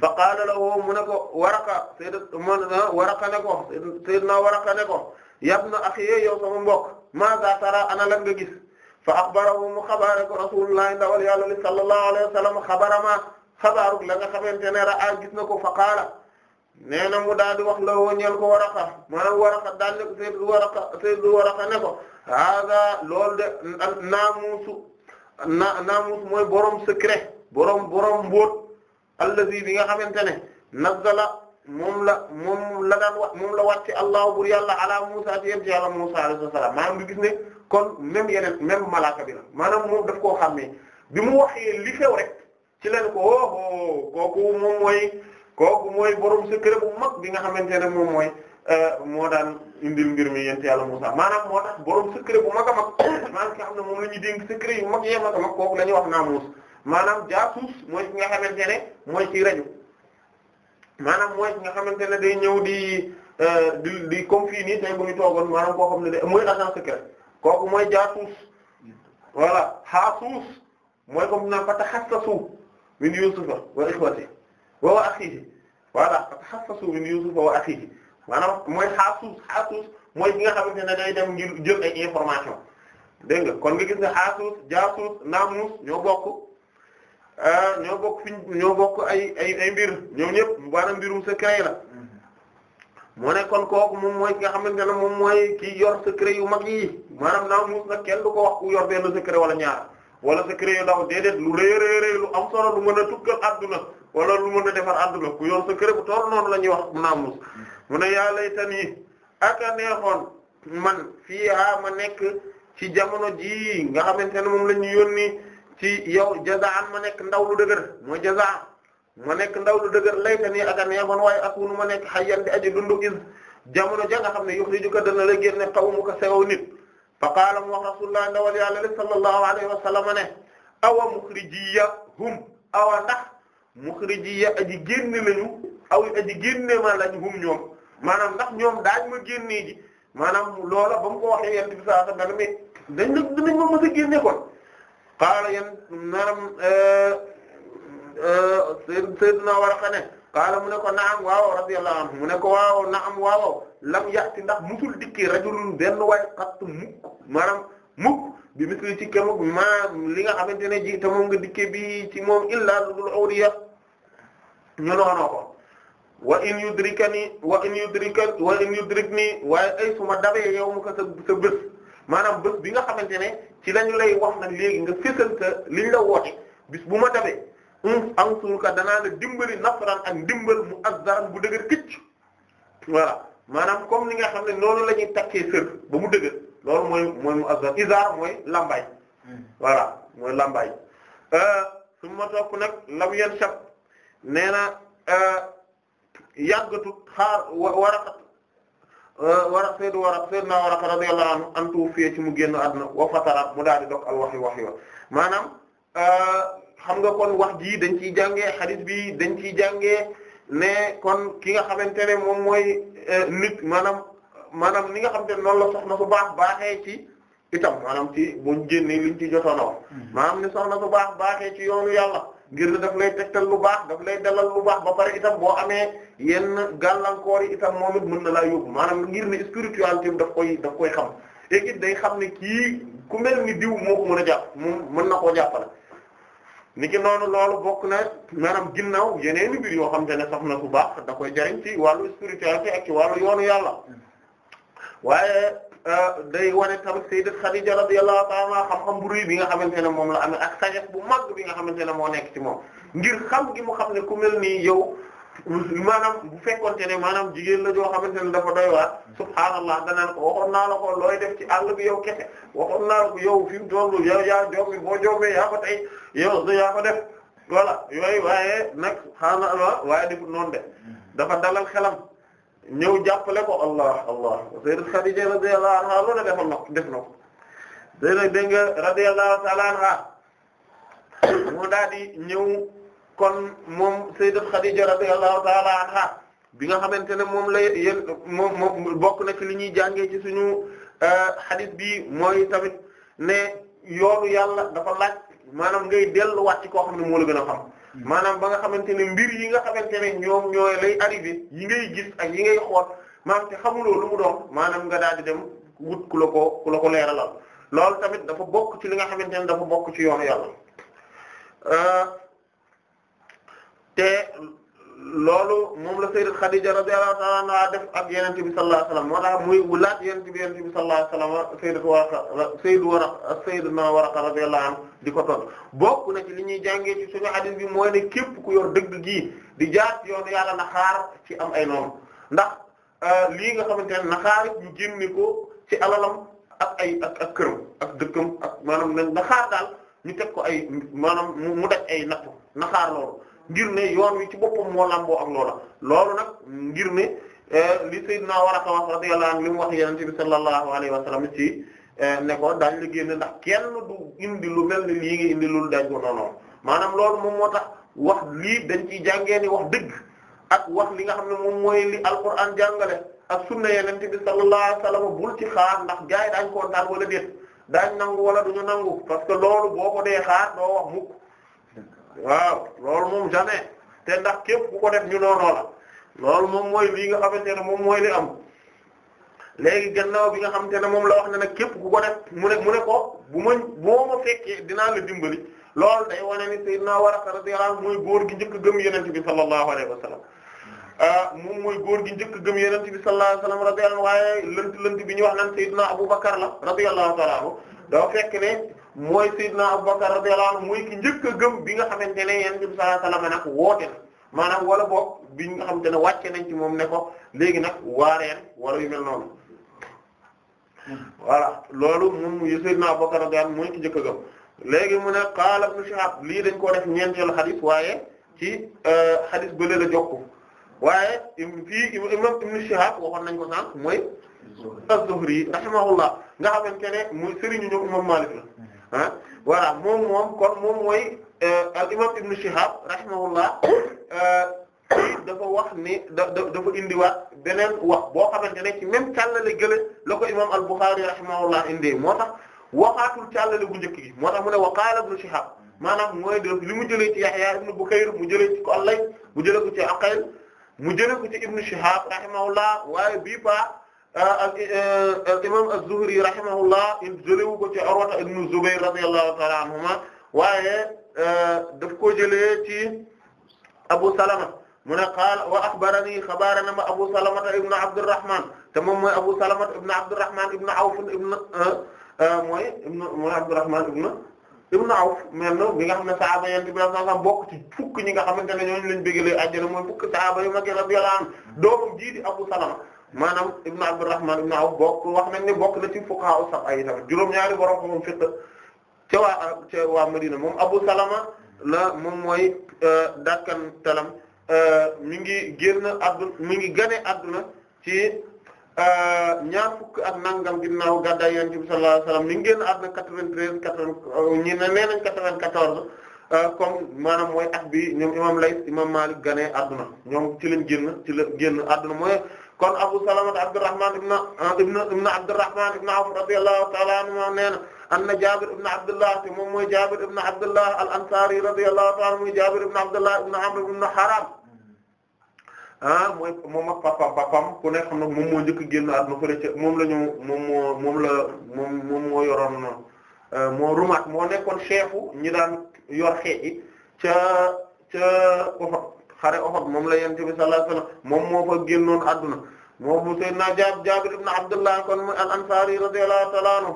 fa qaala lahu mu ne ko waraka sayyidna waraka ne ko sayyidna waraka ne ko yabna akhi yow sama mbokk maza tara ana lan nga gis fa akhbarahu mu xabaare ko rasulullah ndawal yàlla li sallallahu alayhi wa sallam xabarama xabaaru la nga xamante ne ra a gis na ko fa qaala nee na mu daal di wax la woo ñeel ko Waraqa maanaam Waraqa daal ne ko Seydou Waraqa Seydou Waraqa ne ko hada loolu de naamuusu na naamuus mooy borom secret borom borom mbóot allazi nga xamante ne nazzala moom la moom la daan wa moom la wàcce allahu bur yàlla ala Musa ci yéen ci yàlla Musa alayhi salaam maanaam du ne kon même yeneen même malaaka bi la maanaam moom daf koo xàmmee bi mu waxee li xew rek ci leen ko oh kooku moom mooy. kooku mooy borom secret bu mag bi nga xamante ne moom mooy euh, moo daan indil mbir mi yent yàlla Musaa maanaam moo tax borom secret bu mag a mag maanaam ki xam ne moom la ñuy dénk secret yu mag yee mag a mag kooku la ñuy wax naamuus maanaam jaasuus mooy ki nga xamante ne mooy ci rajo maanaam mooy ki nga xamante ne day ñëw di euh, di di comme fii nii tey bu ñu toogoon maanaam koo xam ne day mooy agent secret kooku mooy jaasuus voilà xaasuus mooy comme naan fa taxassasu min Yuusufa wa wa akhihi voilà tahassasu min Yusuf wa wa akhihi maanaam mooy xaasuus xaasuus mooy ki nga xamante ne day dem ngir jël ay information dégg nga kon nga gis ne xaasuus jaasuus naamuus ñoo bokk euh, ñoo bokk fiñ ñoo bokk ay ay ay mbir ñoom ñëpp maanaam mbirum secret la mu ne kon kooku moom mooy ki nga xamante ne moom mooy ki yor secret yu mag yi maanaam naamuus na kenn du ko wax ku yor benn secret wala ñaar wala secret yu ndaw déedéet lu rëy rëy lu am solo lu mën a tukkal adduna wala lu mën a defar adduna ku yor secret bu toll noonu la ñuy wax naamus mu ne yaa laytanii aka neexoon man fiihaa ma nekk ci jamono jii nga xamante ne moom la ñu yónni ci yow jazaan ma nekk ndaw lu dëgër moo jazaa ma nekk ndaw lu dëgër laytanii aka neexoon a akunu ma nekk hayyan di aji dundu is jamono ja nga xam ne yox li juka dana ne génne qawmuka sew nit fa qaala mu wax rasulullah ndawal yàlla li sallallahu alayhi wa sallam ne awa mukhrijiyahum awa ndax mukhrijiya aji génne lañu aw aji génne ma lañu hum ñoom maanaam ndax ñoom daañ ma génnee ji maanaam loola ba mu ko waxee yent bi saa sallam mais dañ la dinañ ma mës a génne kon qaala yan maanaam euh, euh, sayyidna Warqa ne qaala mu ne ko naam waaw radiyallahu anhu mu ne ko waaw naam waaw lam ya'ti ndax musul dikki rajulun benn waay qattu mukk maanaam mukk bi misli ci kemuk maa li nga xamante ne ji te moom nga dikke bi ci moom illaa ludul awliya ñu noonoo ko wa in yudrikani wa in yudrikani wa waaye ay suma dabee yow mu ko sa sa bés maanaam bés bi nga xamante ne ci lañu lay wax nag léegi nga fésal sa la woote bis bu ma dabee um ansuruka danaa la dimbali nasran ak dimbal mu azzaran bu dëgër këcc voilà maanaam comme ni nga xam ne noonu la ñuy takkee sër ba mu dëgër loolu mooy mooy mu azzar izar mooy lambaay hmm. voilà mooy lambaay euh, su ma topp nag lam yan shab nee na euh, yàggatu xaar waraqat wara euh, saydu wara saydna waraka radiyallahu anhu antu fiyee ci mu génn àdduna wa fataraat mu daal di dog al waxyu waxyu wa maanaam xam nga kon wax jii dañ ciy jàngee xarit bi dañ ciy jàngee ne kon ki nga xamante ne moom mooy euh, nit maanaam maanaam ni nga xam ne noonu la soxna su baax baaxee ci itam maanaam ci buñ génnee liñ ci jotoon a wax hmm. maanaam soxna su baax baaxee ci yoonu yàlla ngir ne daf lay tegtal lu baax daf lay dalal lu baax ba pare itam boo amee yenn gàllankoor yi itam moom it mën na laa yóbbu maanaam ngir ne spiritualité daf koy daf koy xam et day xam ne kii ku mel ni diw moo ko mën a jàpp moom mën na koo jàppale niki noonu loolu bokk na maanaam ginnaaw yeneen i yoo xamante ne sax na su baax da koy jariñ ci wàllu spiritualité ak ci wàllu yoonu yàlla waaye euh, day wane tamit sayyidat Khadija radiyallahu ta'ala xam-xam bu rëy bi nga xamante ne moom la amee ak sagesse bu mag bi nga xamante ne moo nekk ci moom ngir xam gi mu xam ne ku mel nii yow maanaam bu fekkonte ne maanaam jigéen la joo xamante ne dafa doy waar subhaanallah danaan ko waxoon naa la ko looy def ci àll bi yow kese waxoon naa la ko yow fi mu toll yow yaa joom bi boo joomee yaa ko tey yow yaa ko def voilà yooyu waaye nag subhaanallah waaye defut noonu de dafa dalal xelam ñëw jàppale ko allah allah sayyidat Khadija radiyallahu anha loolu defal na ko def na ko sayyidat dégg nga radiyallahu ta'ala anha mu daal kon moom sayyidat Khadija radiyallahu ta'ala anha bi nga xamante ne moom la yéen moom moom bokk na ci li ñuy jànge ci suñu euh, hadith bi mooy tamit ne yoonu yàlla dafa laaj maanaam ngay delluwaat ci koo xam ne moo la gën a xam maanaam ba nga xamante ne mbir yi nga xamante ne ñoom ñooy lay arrivé yi ngay gis ak yi ngay xool maanaam te xamuloo lu mu doon maanaam nga daal di dem wut ku la ko ku la ko leeralal loolu tamit dafa bokk ci li nga xamante ne dafa bokk ci yoonu yàlla euh, te loolu moom la sayyidat Khadija radiyallahu ta'ala anha def ak yonent bi sallallahu alayhi wasallam moo tax muy wulaat yonent bi yonent bi sallallahu alayhi wasallam sayyidatu di ko toll bokk na ci li ñuy jàngee ci suñu hadith bi mooy ne képp ku yor dëgg gii di jaar yoon yoonu yàlla na ci am ay noonu ndax euh, lii nga xamante ne na xaar ñu génne ko ci alalam ak ay ak ak këram ak dëkkam ak maanaam na xaar daal ñu teg ko ay maanaam mu daj ay nattu na loolu. ngir ne yoon wi ci boppam moo lamboo ak loola loolu nag ngir ne eh, li Seydina Waraka wax radiyallahu anhu li mu wax Yonent bi sallallahu alayhi wa sallam ci eh, ne ko daañu la génne ndax kenn du indi lu mel ni lii ngi indi loolu daañu ko noonu maanaam loolu moom moo tax wax lii dañ ciy jàngee ni wax dëgg ak wax li nga xam ne moom mooy li Alxuraan jàngale ak sunna Yonent bi sallallahu alayhi wa sallam bul ci xaar ndax gars yi daañu kontaan wala déet daañ nangu wala duñu nangu parce que loolu boo ko dee xaar doo wax mukk waaw lool moom jamais te ndax képp ku ko def ñu noonoo la loolu moom mooy lii nga xamante ne moom mooy li am léegi gannaaw bi nga xamante ne moom la wax ne nag képp ku ko mu ne mu ne ko bu ma boo ma fekkee dinaa la dimbali lool day wane ni sayyidina Waraqa radiyallahu anhu mooy góor gi njëkk gëm yonent bi sallallahu alayhi wa sallam ah, mooy góor gi njëkk gëm yonent bi sallallahu alayhi wa sallam radiyallahu waaye lënt lënt bi ñu wax naan sayyidina Abu Bakar la radiyallahu ta'ala fekk ne mooy Seydina Abubakar radiyallahu anhu mooy ki njëkk gëm bi nga xamante ne yonent bi sallallahu alayhi wasallam nag woote na maanaam wala boog bi nga xam ne wàcce nañ ci moom ne ko léegi nag waareen wala yu mel noonu voilà loolu moom Seydina Abubakar radiyallahu anhu mooy ki njëkk a gëm léegi mu ne qaala Ibn Shihab lii dañ koo def ñeenteelu xadis waaye ci euh, xadis bële la jokku waaye fii imam Ibn Shihab waxoon nañ ko sànq mooy az-Zuhri rahimahullah nga xamante ne muy sëriñu ñoom imam Malik ah voilà moom moom kon moom mooy euh, al imam ibn Shihab rahimahullah euh, dafa wax ni da dafa indiwaat beneen wax boo xamante ne ci même càllale gële la ko imam al-Bukhari rahimahullah indi moo tax waxaatul càllale bu njëkk moo tax mu ne wa qaala ibn Shihab maanaam mooy def li mu jëlee ci Yahya ibn Bukayr mu jëlee ci ko allay mu jëlee ko ci Aqil mu jëlee ko ci ibn Shihab rahimahullah waaye bii paa Ah, ak eh, imam az-Zuhri rahimahullah in jëlewu ko ci Urwa ibn Zubayr radiyallahu ta'ala anhuma waaye eh, daf ko jëlee ci Abu Salama mu ne qaala wa axbarani xabaarana ma Abu Salama ibn Abdurrahman te moom mooy Abu Salama ibn Abdurrahman ibn Awf ibn eh, mooy ibn mooy Abdurrahman ibn ibn Awf mel na bi nga xam ne sahaaba yent bi sallallahu alayhi wasallam bokk ci fukk ñi nga xamante ne ñooñu lañ bëggalee àjjana mooy fukk sahaaba yu mag radiyallahu anhum doomam ji di Abu Salama maanaam ibnu abdurrahman ibnu awf bokk wax nañ ni bokk na ci fuqaha sab'a a tamit juróom-ñaari borom moom fiqh ca waa ca waa Madina moom Abu Salama la moom mooy euh, dakkan talam euh, mi ngi génn adduna mi ngi gane adduna ci euh, ñaar fukk ak nangam ginnaaw gàddaay yonent bi sallallahu alayhi génn adduna 93 80 ñi ne nee nañ 94 comme maanaam mooy at bi ñoom imam Layth imam Malik gane adduna ñoom ci lañ génn ci la génn adduna mooy. kon Abu Salama Abdurrahman ibn ah, ibn ibn Abdurrahman ibn Awf na anna Abdullah te moom mooy Jaabir Abdullah al-Ansari radiyallahu ta'ala Abdullah ibn Amr ibn Haram ah mooy moom ak papa papam ku ne moom ca la ñu moom nekkoon chefu ñi daan yor ca ca xare Uhud moom la yonent bi sallallahu alayhi moom moo fa génnoon adduna moom Seydina Jaabir ibn Abdullah kon mooy al-Ansari radiyallahu ta'ala anhu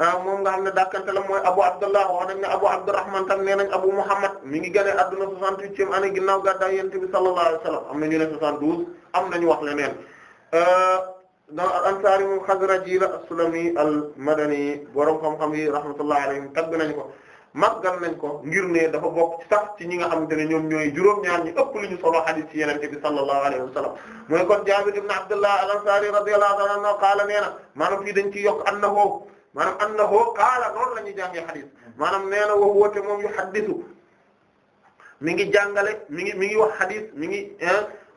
ah, moom nga xam ne dàkkante la mooy Abu Abdullah wax nañ ne Abu Abdurrahman tam nee nañ Abu Muhammad mi ngi gane adduna 68e année ginnaaw gàddaay yonent bi sallallahu alayhi am na ñu ne 72 am nañu wax leneen non ah, al-Ansari moom Xazraji la as-Sulami al-Madani borom xam-xam yi rahmatullahi alayhim tagg nañu ko. màggal nañ ko ngir ne dafa bokk sax ci ñi nga xamante ne ñoom ñooy juróom-ñaar ñi ëpp lu ñu solo hadith ci yenente bi sallallahu alayhi wa mooy kon Jaabir ibn Abdullah al-Ansari radiyallahu ta'ala anhu qaala nee na fii dañ ci yokk annahu maanaam annahu qaala noonu la ñuy jàngee hadith maanaam nee na woowu woote moom yu hadithu mi ngi jàngale mi ngi mi ngi wax hadith mi ngi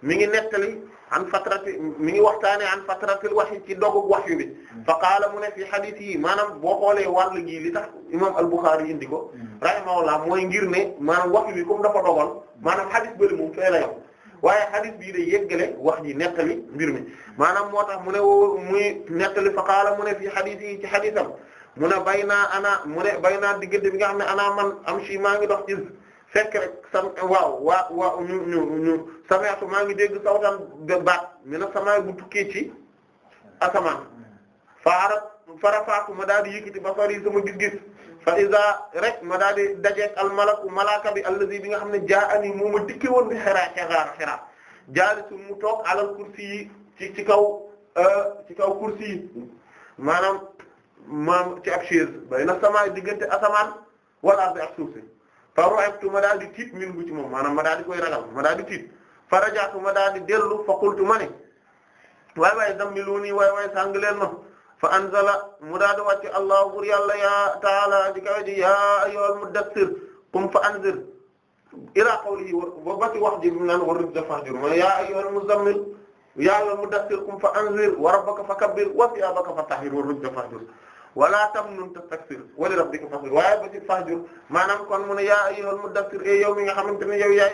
mi ngi nettali an fatrati mi ngi waxtaane an fatratil wahyi ci dogug wahyu bi mm. fa qaala mu ne fi hadith yi maanaam boo xoolee wàll gi li tax imam al-Bukhari indi ko mm. rahimahullah mooy ngir ne maanaam wahyu bi comme dafa dogal mm. maanam hadith bëri moom fee la yam waaye hadith bii day yeggale wax ji nettali mbir mi maanaam moo tax mu ne woo muy nettali fa qaala mu ne fi hadith ci haditham mu ne bay naa ana mu ne bay naa diggante bi nga xam ne ana man am si maa ngi dox ci fekk rek sam waaw waa waa ñu ñu ñu sami'tu maa ngi dégg sawtan baat mi na sama bu tukkee ci asamaan faara farafaaku ma daal di yëkkati basari sama gis-gis fa iza rek ma daal di dajeek al malaku malaka bi allazi nga xam ne jaa'ani moo a dikke woon bi xeraa xeraa xeraa mu toog alal kursi yi ci ci kaw euh, ci kaw kursi yi maanaam maam ci ab chaise bay na sama diggante asamaan wala bi ak suuf fara'aytu ma daal di tiit min bu ci moom maanaam ma daal di koy ragal ma daal di tiit farajaatu ma daal di dellu fa qultu ma ne waay waay zammiluuni waay waay sàng leen ma fa anzala mu daal di wàcce allah bur yàlla ya taala di kawe ji ya ayyuhal muddassir qum fa anzir ila qawlihi wa ba ci wax ji mu naan war rib dafahjur ma ya ayyuhal muzammil ya ayyuhal muddassir qum fa anzir wa rabbaka fakabbir wa thiyabaka fatahhir war rib dafahjur wala tamnun tastakbir wa li rabbika fasbir waaye ba ci fahjur maanaam kon mu ne yaa ayyuhal muddaththir e eh, yow mi nga xamante ne yow yaay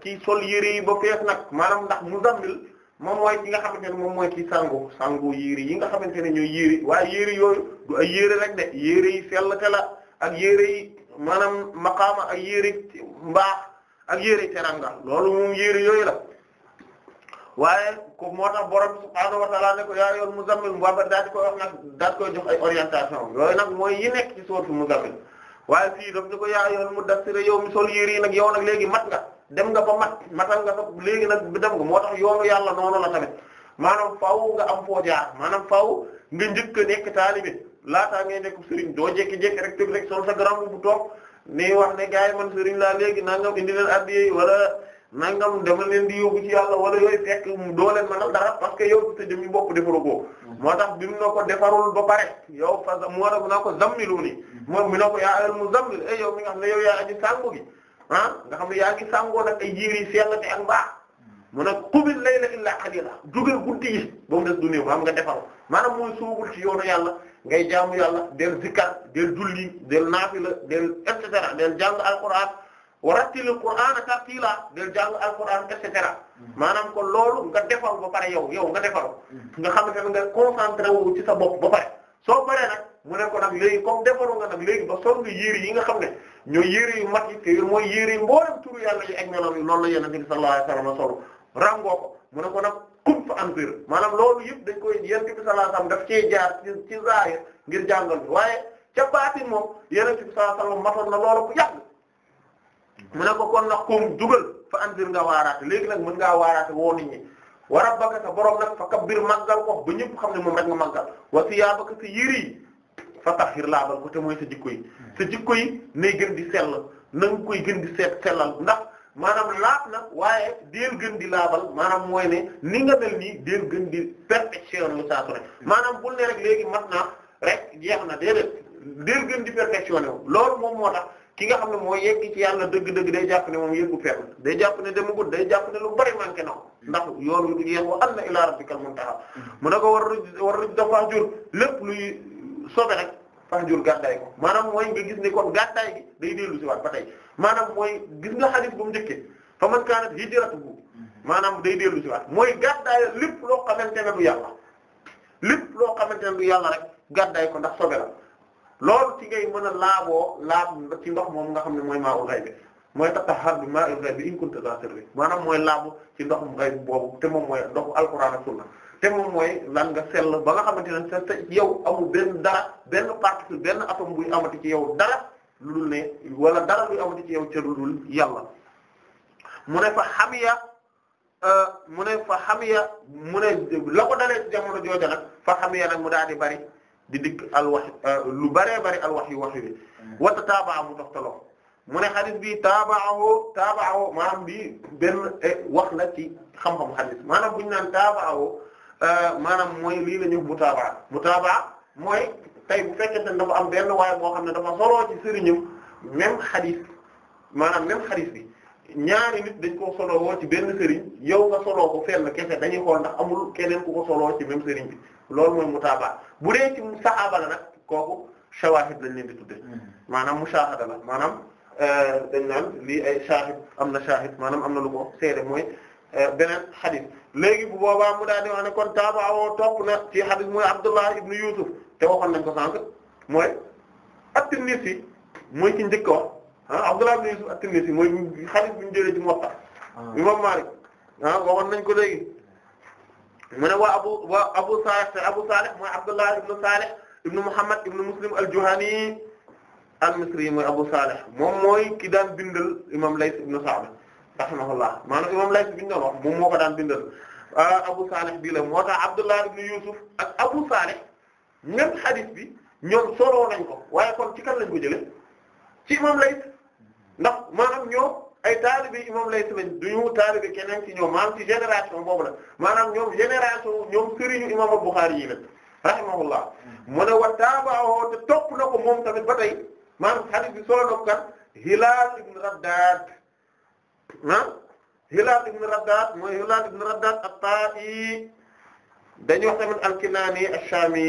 ki sol yére yi ba fees nag maanaam ndax muzammil moom mooy ki nga xamante ne moom mooy ki sangu sangu yére yi nga xamante ne ñooy yére waaye yére yooyu du ay yére rek yére yi sell te la ak yére yi maanaam maqaama ak yére mbaax ak yére teranga loolu moom yére yooyu la waaye ko moo tax borom subhaanahu wa ta'ala ne ko yaa ayyuhal muzammil mu ba daal di koy wax nag daal di koy jox ay orientation yooyu nag mooy yi nekk ci sootu muzammil waaye fii daf ni ko yaa ayyuhal mudaththir yow mi sol yéri nag yow nag léegi mat nga dem nga ba mat matal nga sax léegi nag dem nga moo tax yoonu yàlla noonu la tamit maanaam faaw nga am foo jaar maanaam faaw nga njëkk a nekk taalibe laataa ngay nekk sëriñ doo jékki-jékki rek tëb rek sol sa garam bu toog ni wax ne gars yi man laa léegi nangam indi leen nangam dama leen di yóbbu ci yàlla wala yooyu fekk doo leen mënal dara parce que yow sa jëmmi bopp defaru ko moo tax bi mu na ko defarul ba pare yow fa mu war a naa ko zammiluuni moom mi na ko yaa al muzammil eh, nga xam ne yow yaa aji sangu gi ah nga xam ne yaa ngi sangoo nag ay jiir yi sellate ak mbaax mu mu des du néew maam nga defaru maanaam mooy soogul ci yoonu yàlla ngay jaamu yàlla del zikkar del julli del naafila del et cetera del jàng alquran warattilil qur'ana tartila del jàng alquran et cetera maanaam ko loolu nga defal ba pare yow yow nga defal nga xamante ne nga concentré wu ci sa bopp ba pare soo paree nag mu ne ko nag léegi comme defaru nga nag léegi ba sol nga yére yi nga xam ne ñooy yére yu mat yi te mooy yére yi mboolem turu yàlla yi ak meloom yi loolu la yonent bi sallallahu alayhi wasallam solu rango ko mu ne ko nag kum fa anzir maanaam loolu yëpp dañ koy yonent bi sallallahu alayhi wasallam daf cee jaar ngir jàngal waaye ca baatin moom yonent bi sallallahu alayhi na loolu ku yàgg mu ne ko kon nag koom jugal fa andir nga waaraate léegi nag mën ngaa waaraate woo nit ñi wa rabbaka sa borom nag fa kabbir màggal ko ba ñëpp xam ne moom rek nga màggal wa siyaabaka sa yére yi fa tahhir laabal ko te mooy sa jikko yi sa jikko yi nay gën di sell na koy gën di seet sellal ndax maanaam laat na waaye deel gën di laabal maanaam mooy ne ni nga mel nii deel gën di perfection lu saa su ne maanaam bul ne rek léegi mat na rek yeex na déedéet deel di perfectionné wu loolu moom moo ki nga xam ne moo yegg ci yàlla dëgg-dëgg day jàpp ne moom yeggu fenn day jàpp ne demagul day jàpp ne lu bari manqué na ndax yoon wi du yeex wa anna ilaa rabbikal muntaha mu ne ko war war rëj dafa jur lépp luy sobe rek fax jur gàddaay ko maanaam mooy nga gis ne kon gàddaay gi day dellu si waat ba tey maanaam mooy gis nga xadis bu mu njëkkee fa man kaanat hijratuhu maanaam day dellu si waat mooy gàddaay lépp loo xamante ne du loo xamante ne du yàlla rek gàddaay ko ndax sobe la loolu ci ngay mën a laaboo laab ci ndox moom nga xam ne mooy maa ul ghayb mooy tatahhar bi maa ul ghayb in kunta za sirri maanaam mooy laabu ci ndoxum ghayb boobu te moom mooy ndoxu alquran ak sunna te moom mooy lan nga sell ba nga xamante ne sa yow amul benn dara benn particule benn atome buy amati ci yow dara lu dul ne wala dara luy amati ci yow ca lu dul yàlla mu ne fa xamiya euh, mu ne fa xamiya mu ne la ko dalee jamono jooja nag fa xamiya nag mu daal di bari. di dikk alwax euh, lu bëree bëri alwax yi wax yi mm. wata taabaa mu toxtaloo mu ne xadis bi taabaawo taabaawo maanaam bi benn eh, wax la ci xam-xamu xadis maanaam bu ñu naan taabaawo euh, maanaam mooy lii la ñu mu taabaa mu taabaa mooy tey bu fekkente ne dafa am benn waaye boo xam ne dafa soroo ci sëriñam même xadis maanaam même xadis bi ñaari nit dañ ko solo woo ci benn sëriñ yow nga soloo ko fenn kese dañuy xool ndax amul keneen ku ko soloo ci même sëriñ bi loolu mooy mutaaba bu dee ci saxaaba la nag kooku shawahid lañ leen di tudde hmm. maanaam mushahada la maanaam euh, dañ naan li ay shahid am na shahid maanaam am na lu ko seede mooy euh, beneen xadis léegi bu boobaa mu daal di wax ne kon taabawoo topp na ci xadis mooy Abdullah ibn Yusuf te waxoon nañ ko sànq mooy at-Tinnisi mooy ki njëkk wax ah Abdullah ibn Yusuf at-Tinnisi mooy xarit bi ñu jëlee ci Muwatta ah. imam Malik ah waxoon nañ ko léegi mu ne waa Abu waa Abu Salih Abu Salih mooy Abdullah ibn Salih ibn Muhammad ibn Muslim al-Juhani al-Misri mooy Abu Salih moom mooy ki daan bindal imam Layth ibn Sa'd rahimahullah maanaam imam Layth bi ñu doon wax moom moo ko daan bindal ah, Abu Salih bii la moo tax Abdullah ibn Yusuf ak Abu Salih même hadith bi ñoom soroo nañ ko waaye kon ci kan lañ ko jëlee ci imam Layth ndax maanaam ñoom ay taalibi imam Layth lañ duñu taalibi keneen ci ñoom maanaam ci génération boobu la maanaam ñoom génération ñoom sëriñu imam Bukhari yi la rahimahullah mu ne wa taabaahu te topp na ko moom tamit ba tey maanaam hadith bi solo na kan Hilaal ibn Raddaad ah Hilaal ibn Raddaad mooy Hilaal ibn Raddaad at-Taa'i dañuy wax tamit al-Kinaani ash-Shaami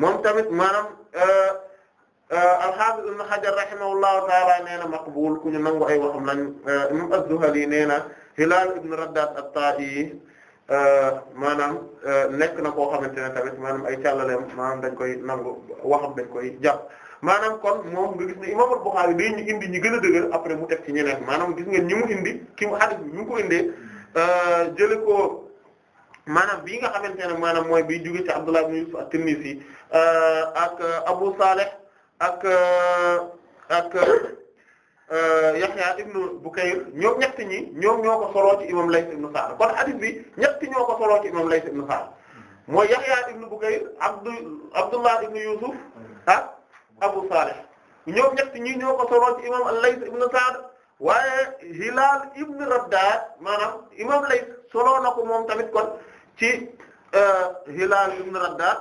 moom tamit maanaam. Euh, Euh, al-Hafiz ibn Hajar rahimahullahu ta'ala nee na maqbul ku ñu nangu ay waxam lañ euh, imam az-Zuhali nee na Hilal ibn Raddad at-Ta'i euh, nekk na koo xamante ne tamit maanaam ay càllaleem maanaam dañ koy nangu waxam dañ koy jàpp maanaam kon moom nga gis ne imam al-Bukhari day ñu indi ñi gën a dëgër après mu teg ci ñeneen maanaam gis ngeen ñi mu indi ki mu hadith bi mu ko indee jële ko maanaam bii nga xamante ne maanaam mooy biy jóge ci Abdullah ibn Yusuf at-Tinnisi ak Abu ak euh, ak euh, Yahya ibnu Bukayr ñoom ñett ñi ñoom ñoo ko soloo ci imam Layth ibnu Sa'd kon hadith bi ñett ñoo ko soloo ci imam Layth ibnu Sa'd mooy Yahya ibnu Bukayr Abdu Abdullah ibnu Yusuf ak Abu Salih ñoom ñett ñi ñoo ko soloo ci imam Layth ibnu Sa'd waaye Hilal ibnu Raddad maanaam imam Layth soloo na ko moom tamit kon ci euh, Hilal ibnu Raddad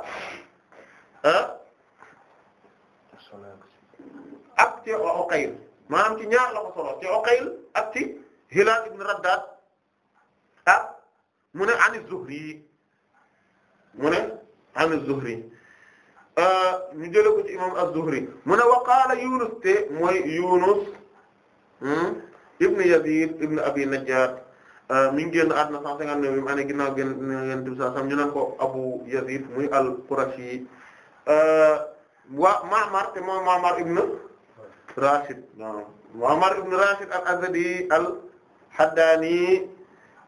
ah ak ci Uqayl maanaam ci ñaar la ko solo ci Uqayl ak ci Hilaal ibn Raddaad ah mu ne an Zuhri mu ne an Zuhri euh, mu ne wa qaala Yunus te mooy Yunus hmm, ibn Yazid ibn Abi Najjar euh, mi ngi génn àdduna cent cinquante neuf yi mu année ginnaaw gén ngeen dib sa sam ñu Abu Yazid muy al-Qurashi euh, wa Ma'mar te moom Ma'mar ibn Rashid Muhammad ibn Rashid al-Azdi al-Haddani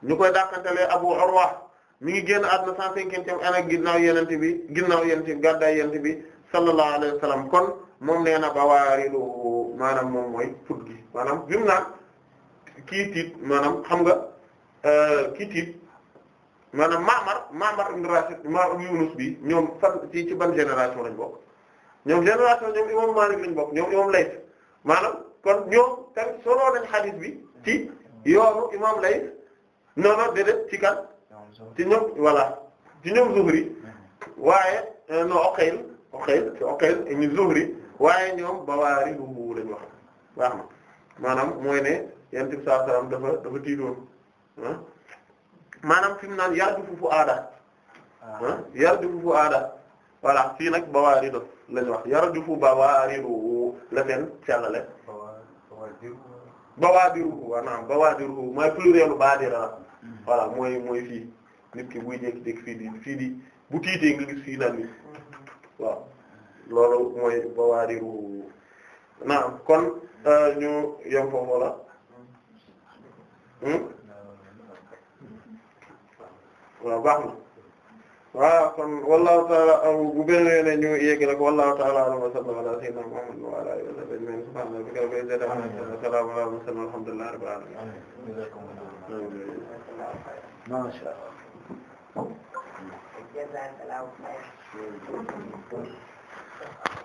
ñu koy dàqantelee Abu Urwa mi ngi génn àdduna cent cinquantième année ginnaaw yonent bi ginnaaw yonent bi gàddaay yonent bi sallallahu alayhi wa kon moom nee na bawaarilu maanaam moom mooy put gi maanaam bi mu naan kii tiit maanaam xam nga euh, kii tiit maanaam Ma'mar Ma'mar ibn Yunus bi ñoom fan ci ci ban génération lañ bokk ñoom génération ñoom imam Malik lañ bokk ñoom imam Layth maanaam kon ñoom tamit soloo nañ xadis bi ci yoonu imam lay noonu déedéet ci kan ci ñoom voilà ci ñoom Zuhri mm-hmm. waaye euh, no Uqayl Uqayl ci Uqayl Zuhri waaye ñoom bawaari bubu lañ wax baax na maanaam mooy ne yenti bi saa salaam dafa dafa tiitoon ah. maanaam fi mu naan yar du fufu aada ah. ah, yar du fufu aada voilà fii nag bawaari do lañ wax yar du bawaari do boobu la seen sellale bawaadiruhu waaw naam bawaadiruhu mooy plurielu baadira hmm. la mooy mooy fii nit ki buy jékki-jékki fii di fii di bu tiitee nga gis fii naan ni waaw loolu mooy bawaadiruhu naam kon euh, ñu yem foofu la hmm? hmm. waaw baax na waaw kon wallahu taala ahu bu beneen ñu yeggale ko wallahu taala alam wa sallallahu ala sayyidina Muhammad wa ala alihi wa sahbihi ajma'in subhana rabbika rabbil izzati amma yasifun wa salamun ala mursalin walhamdulillahi rabbil alamin ma sha Allah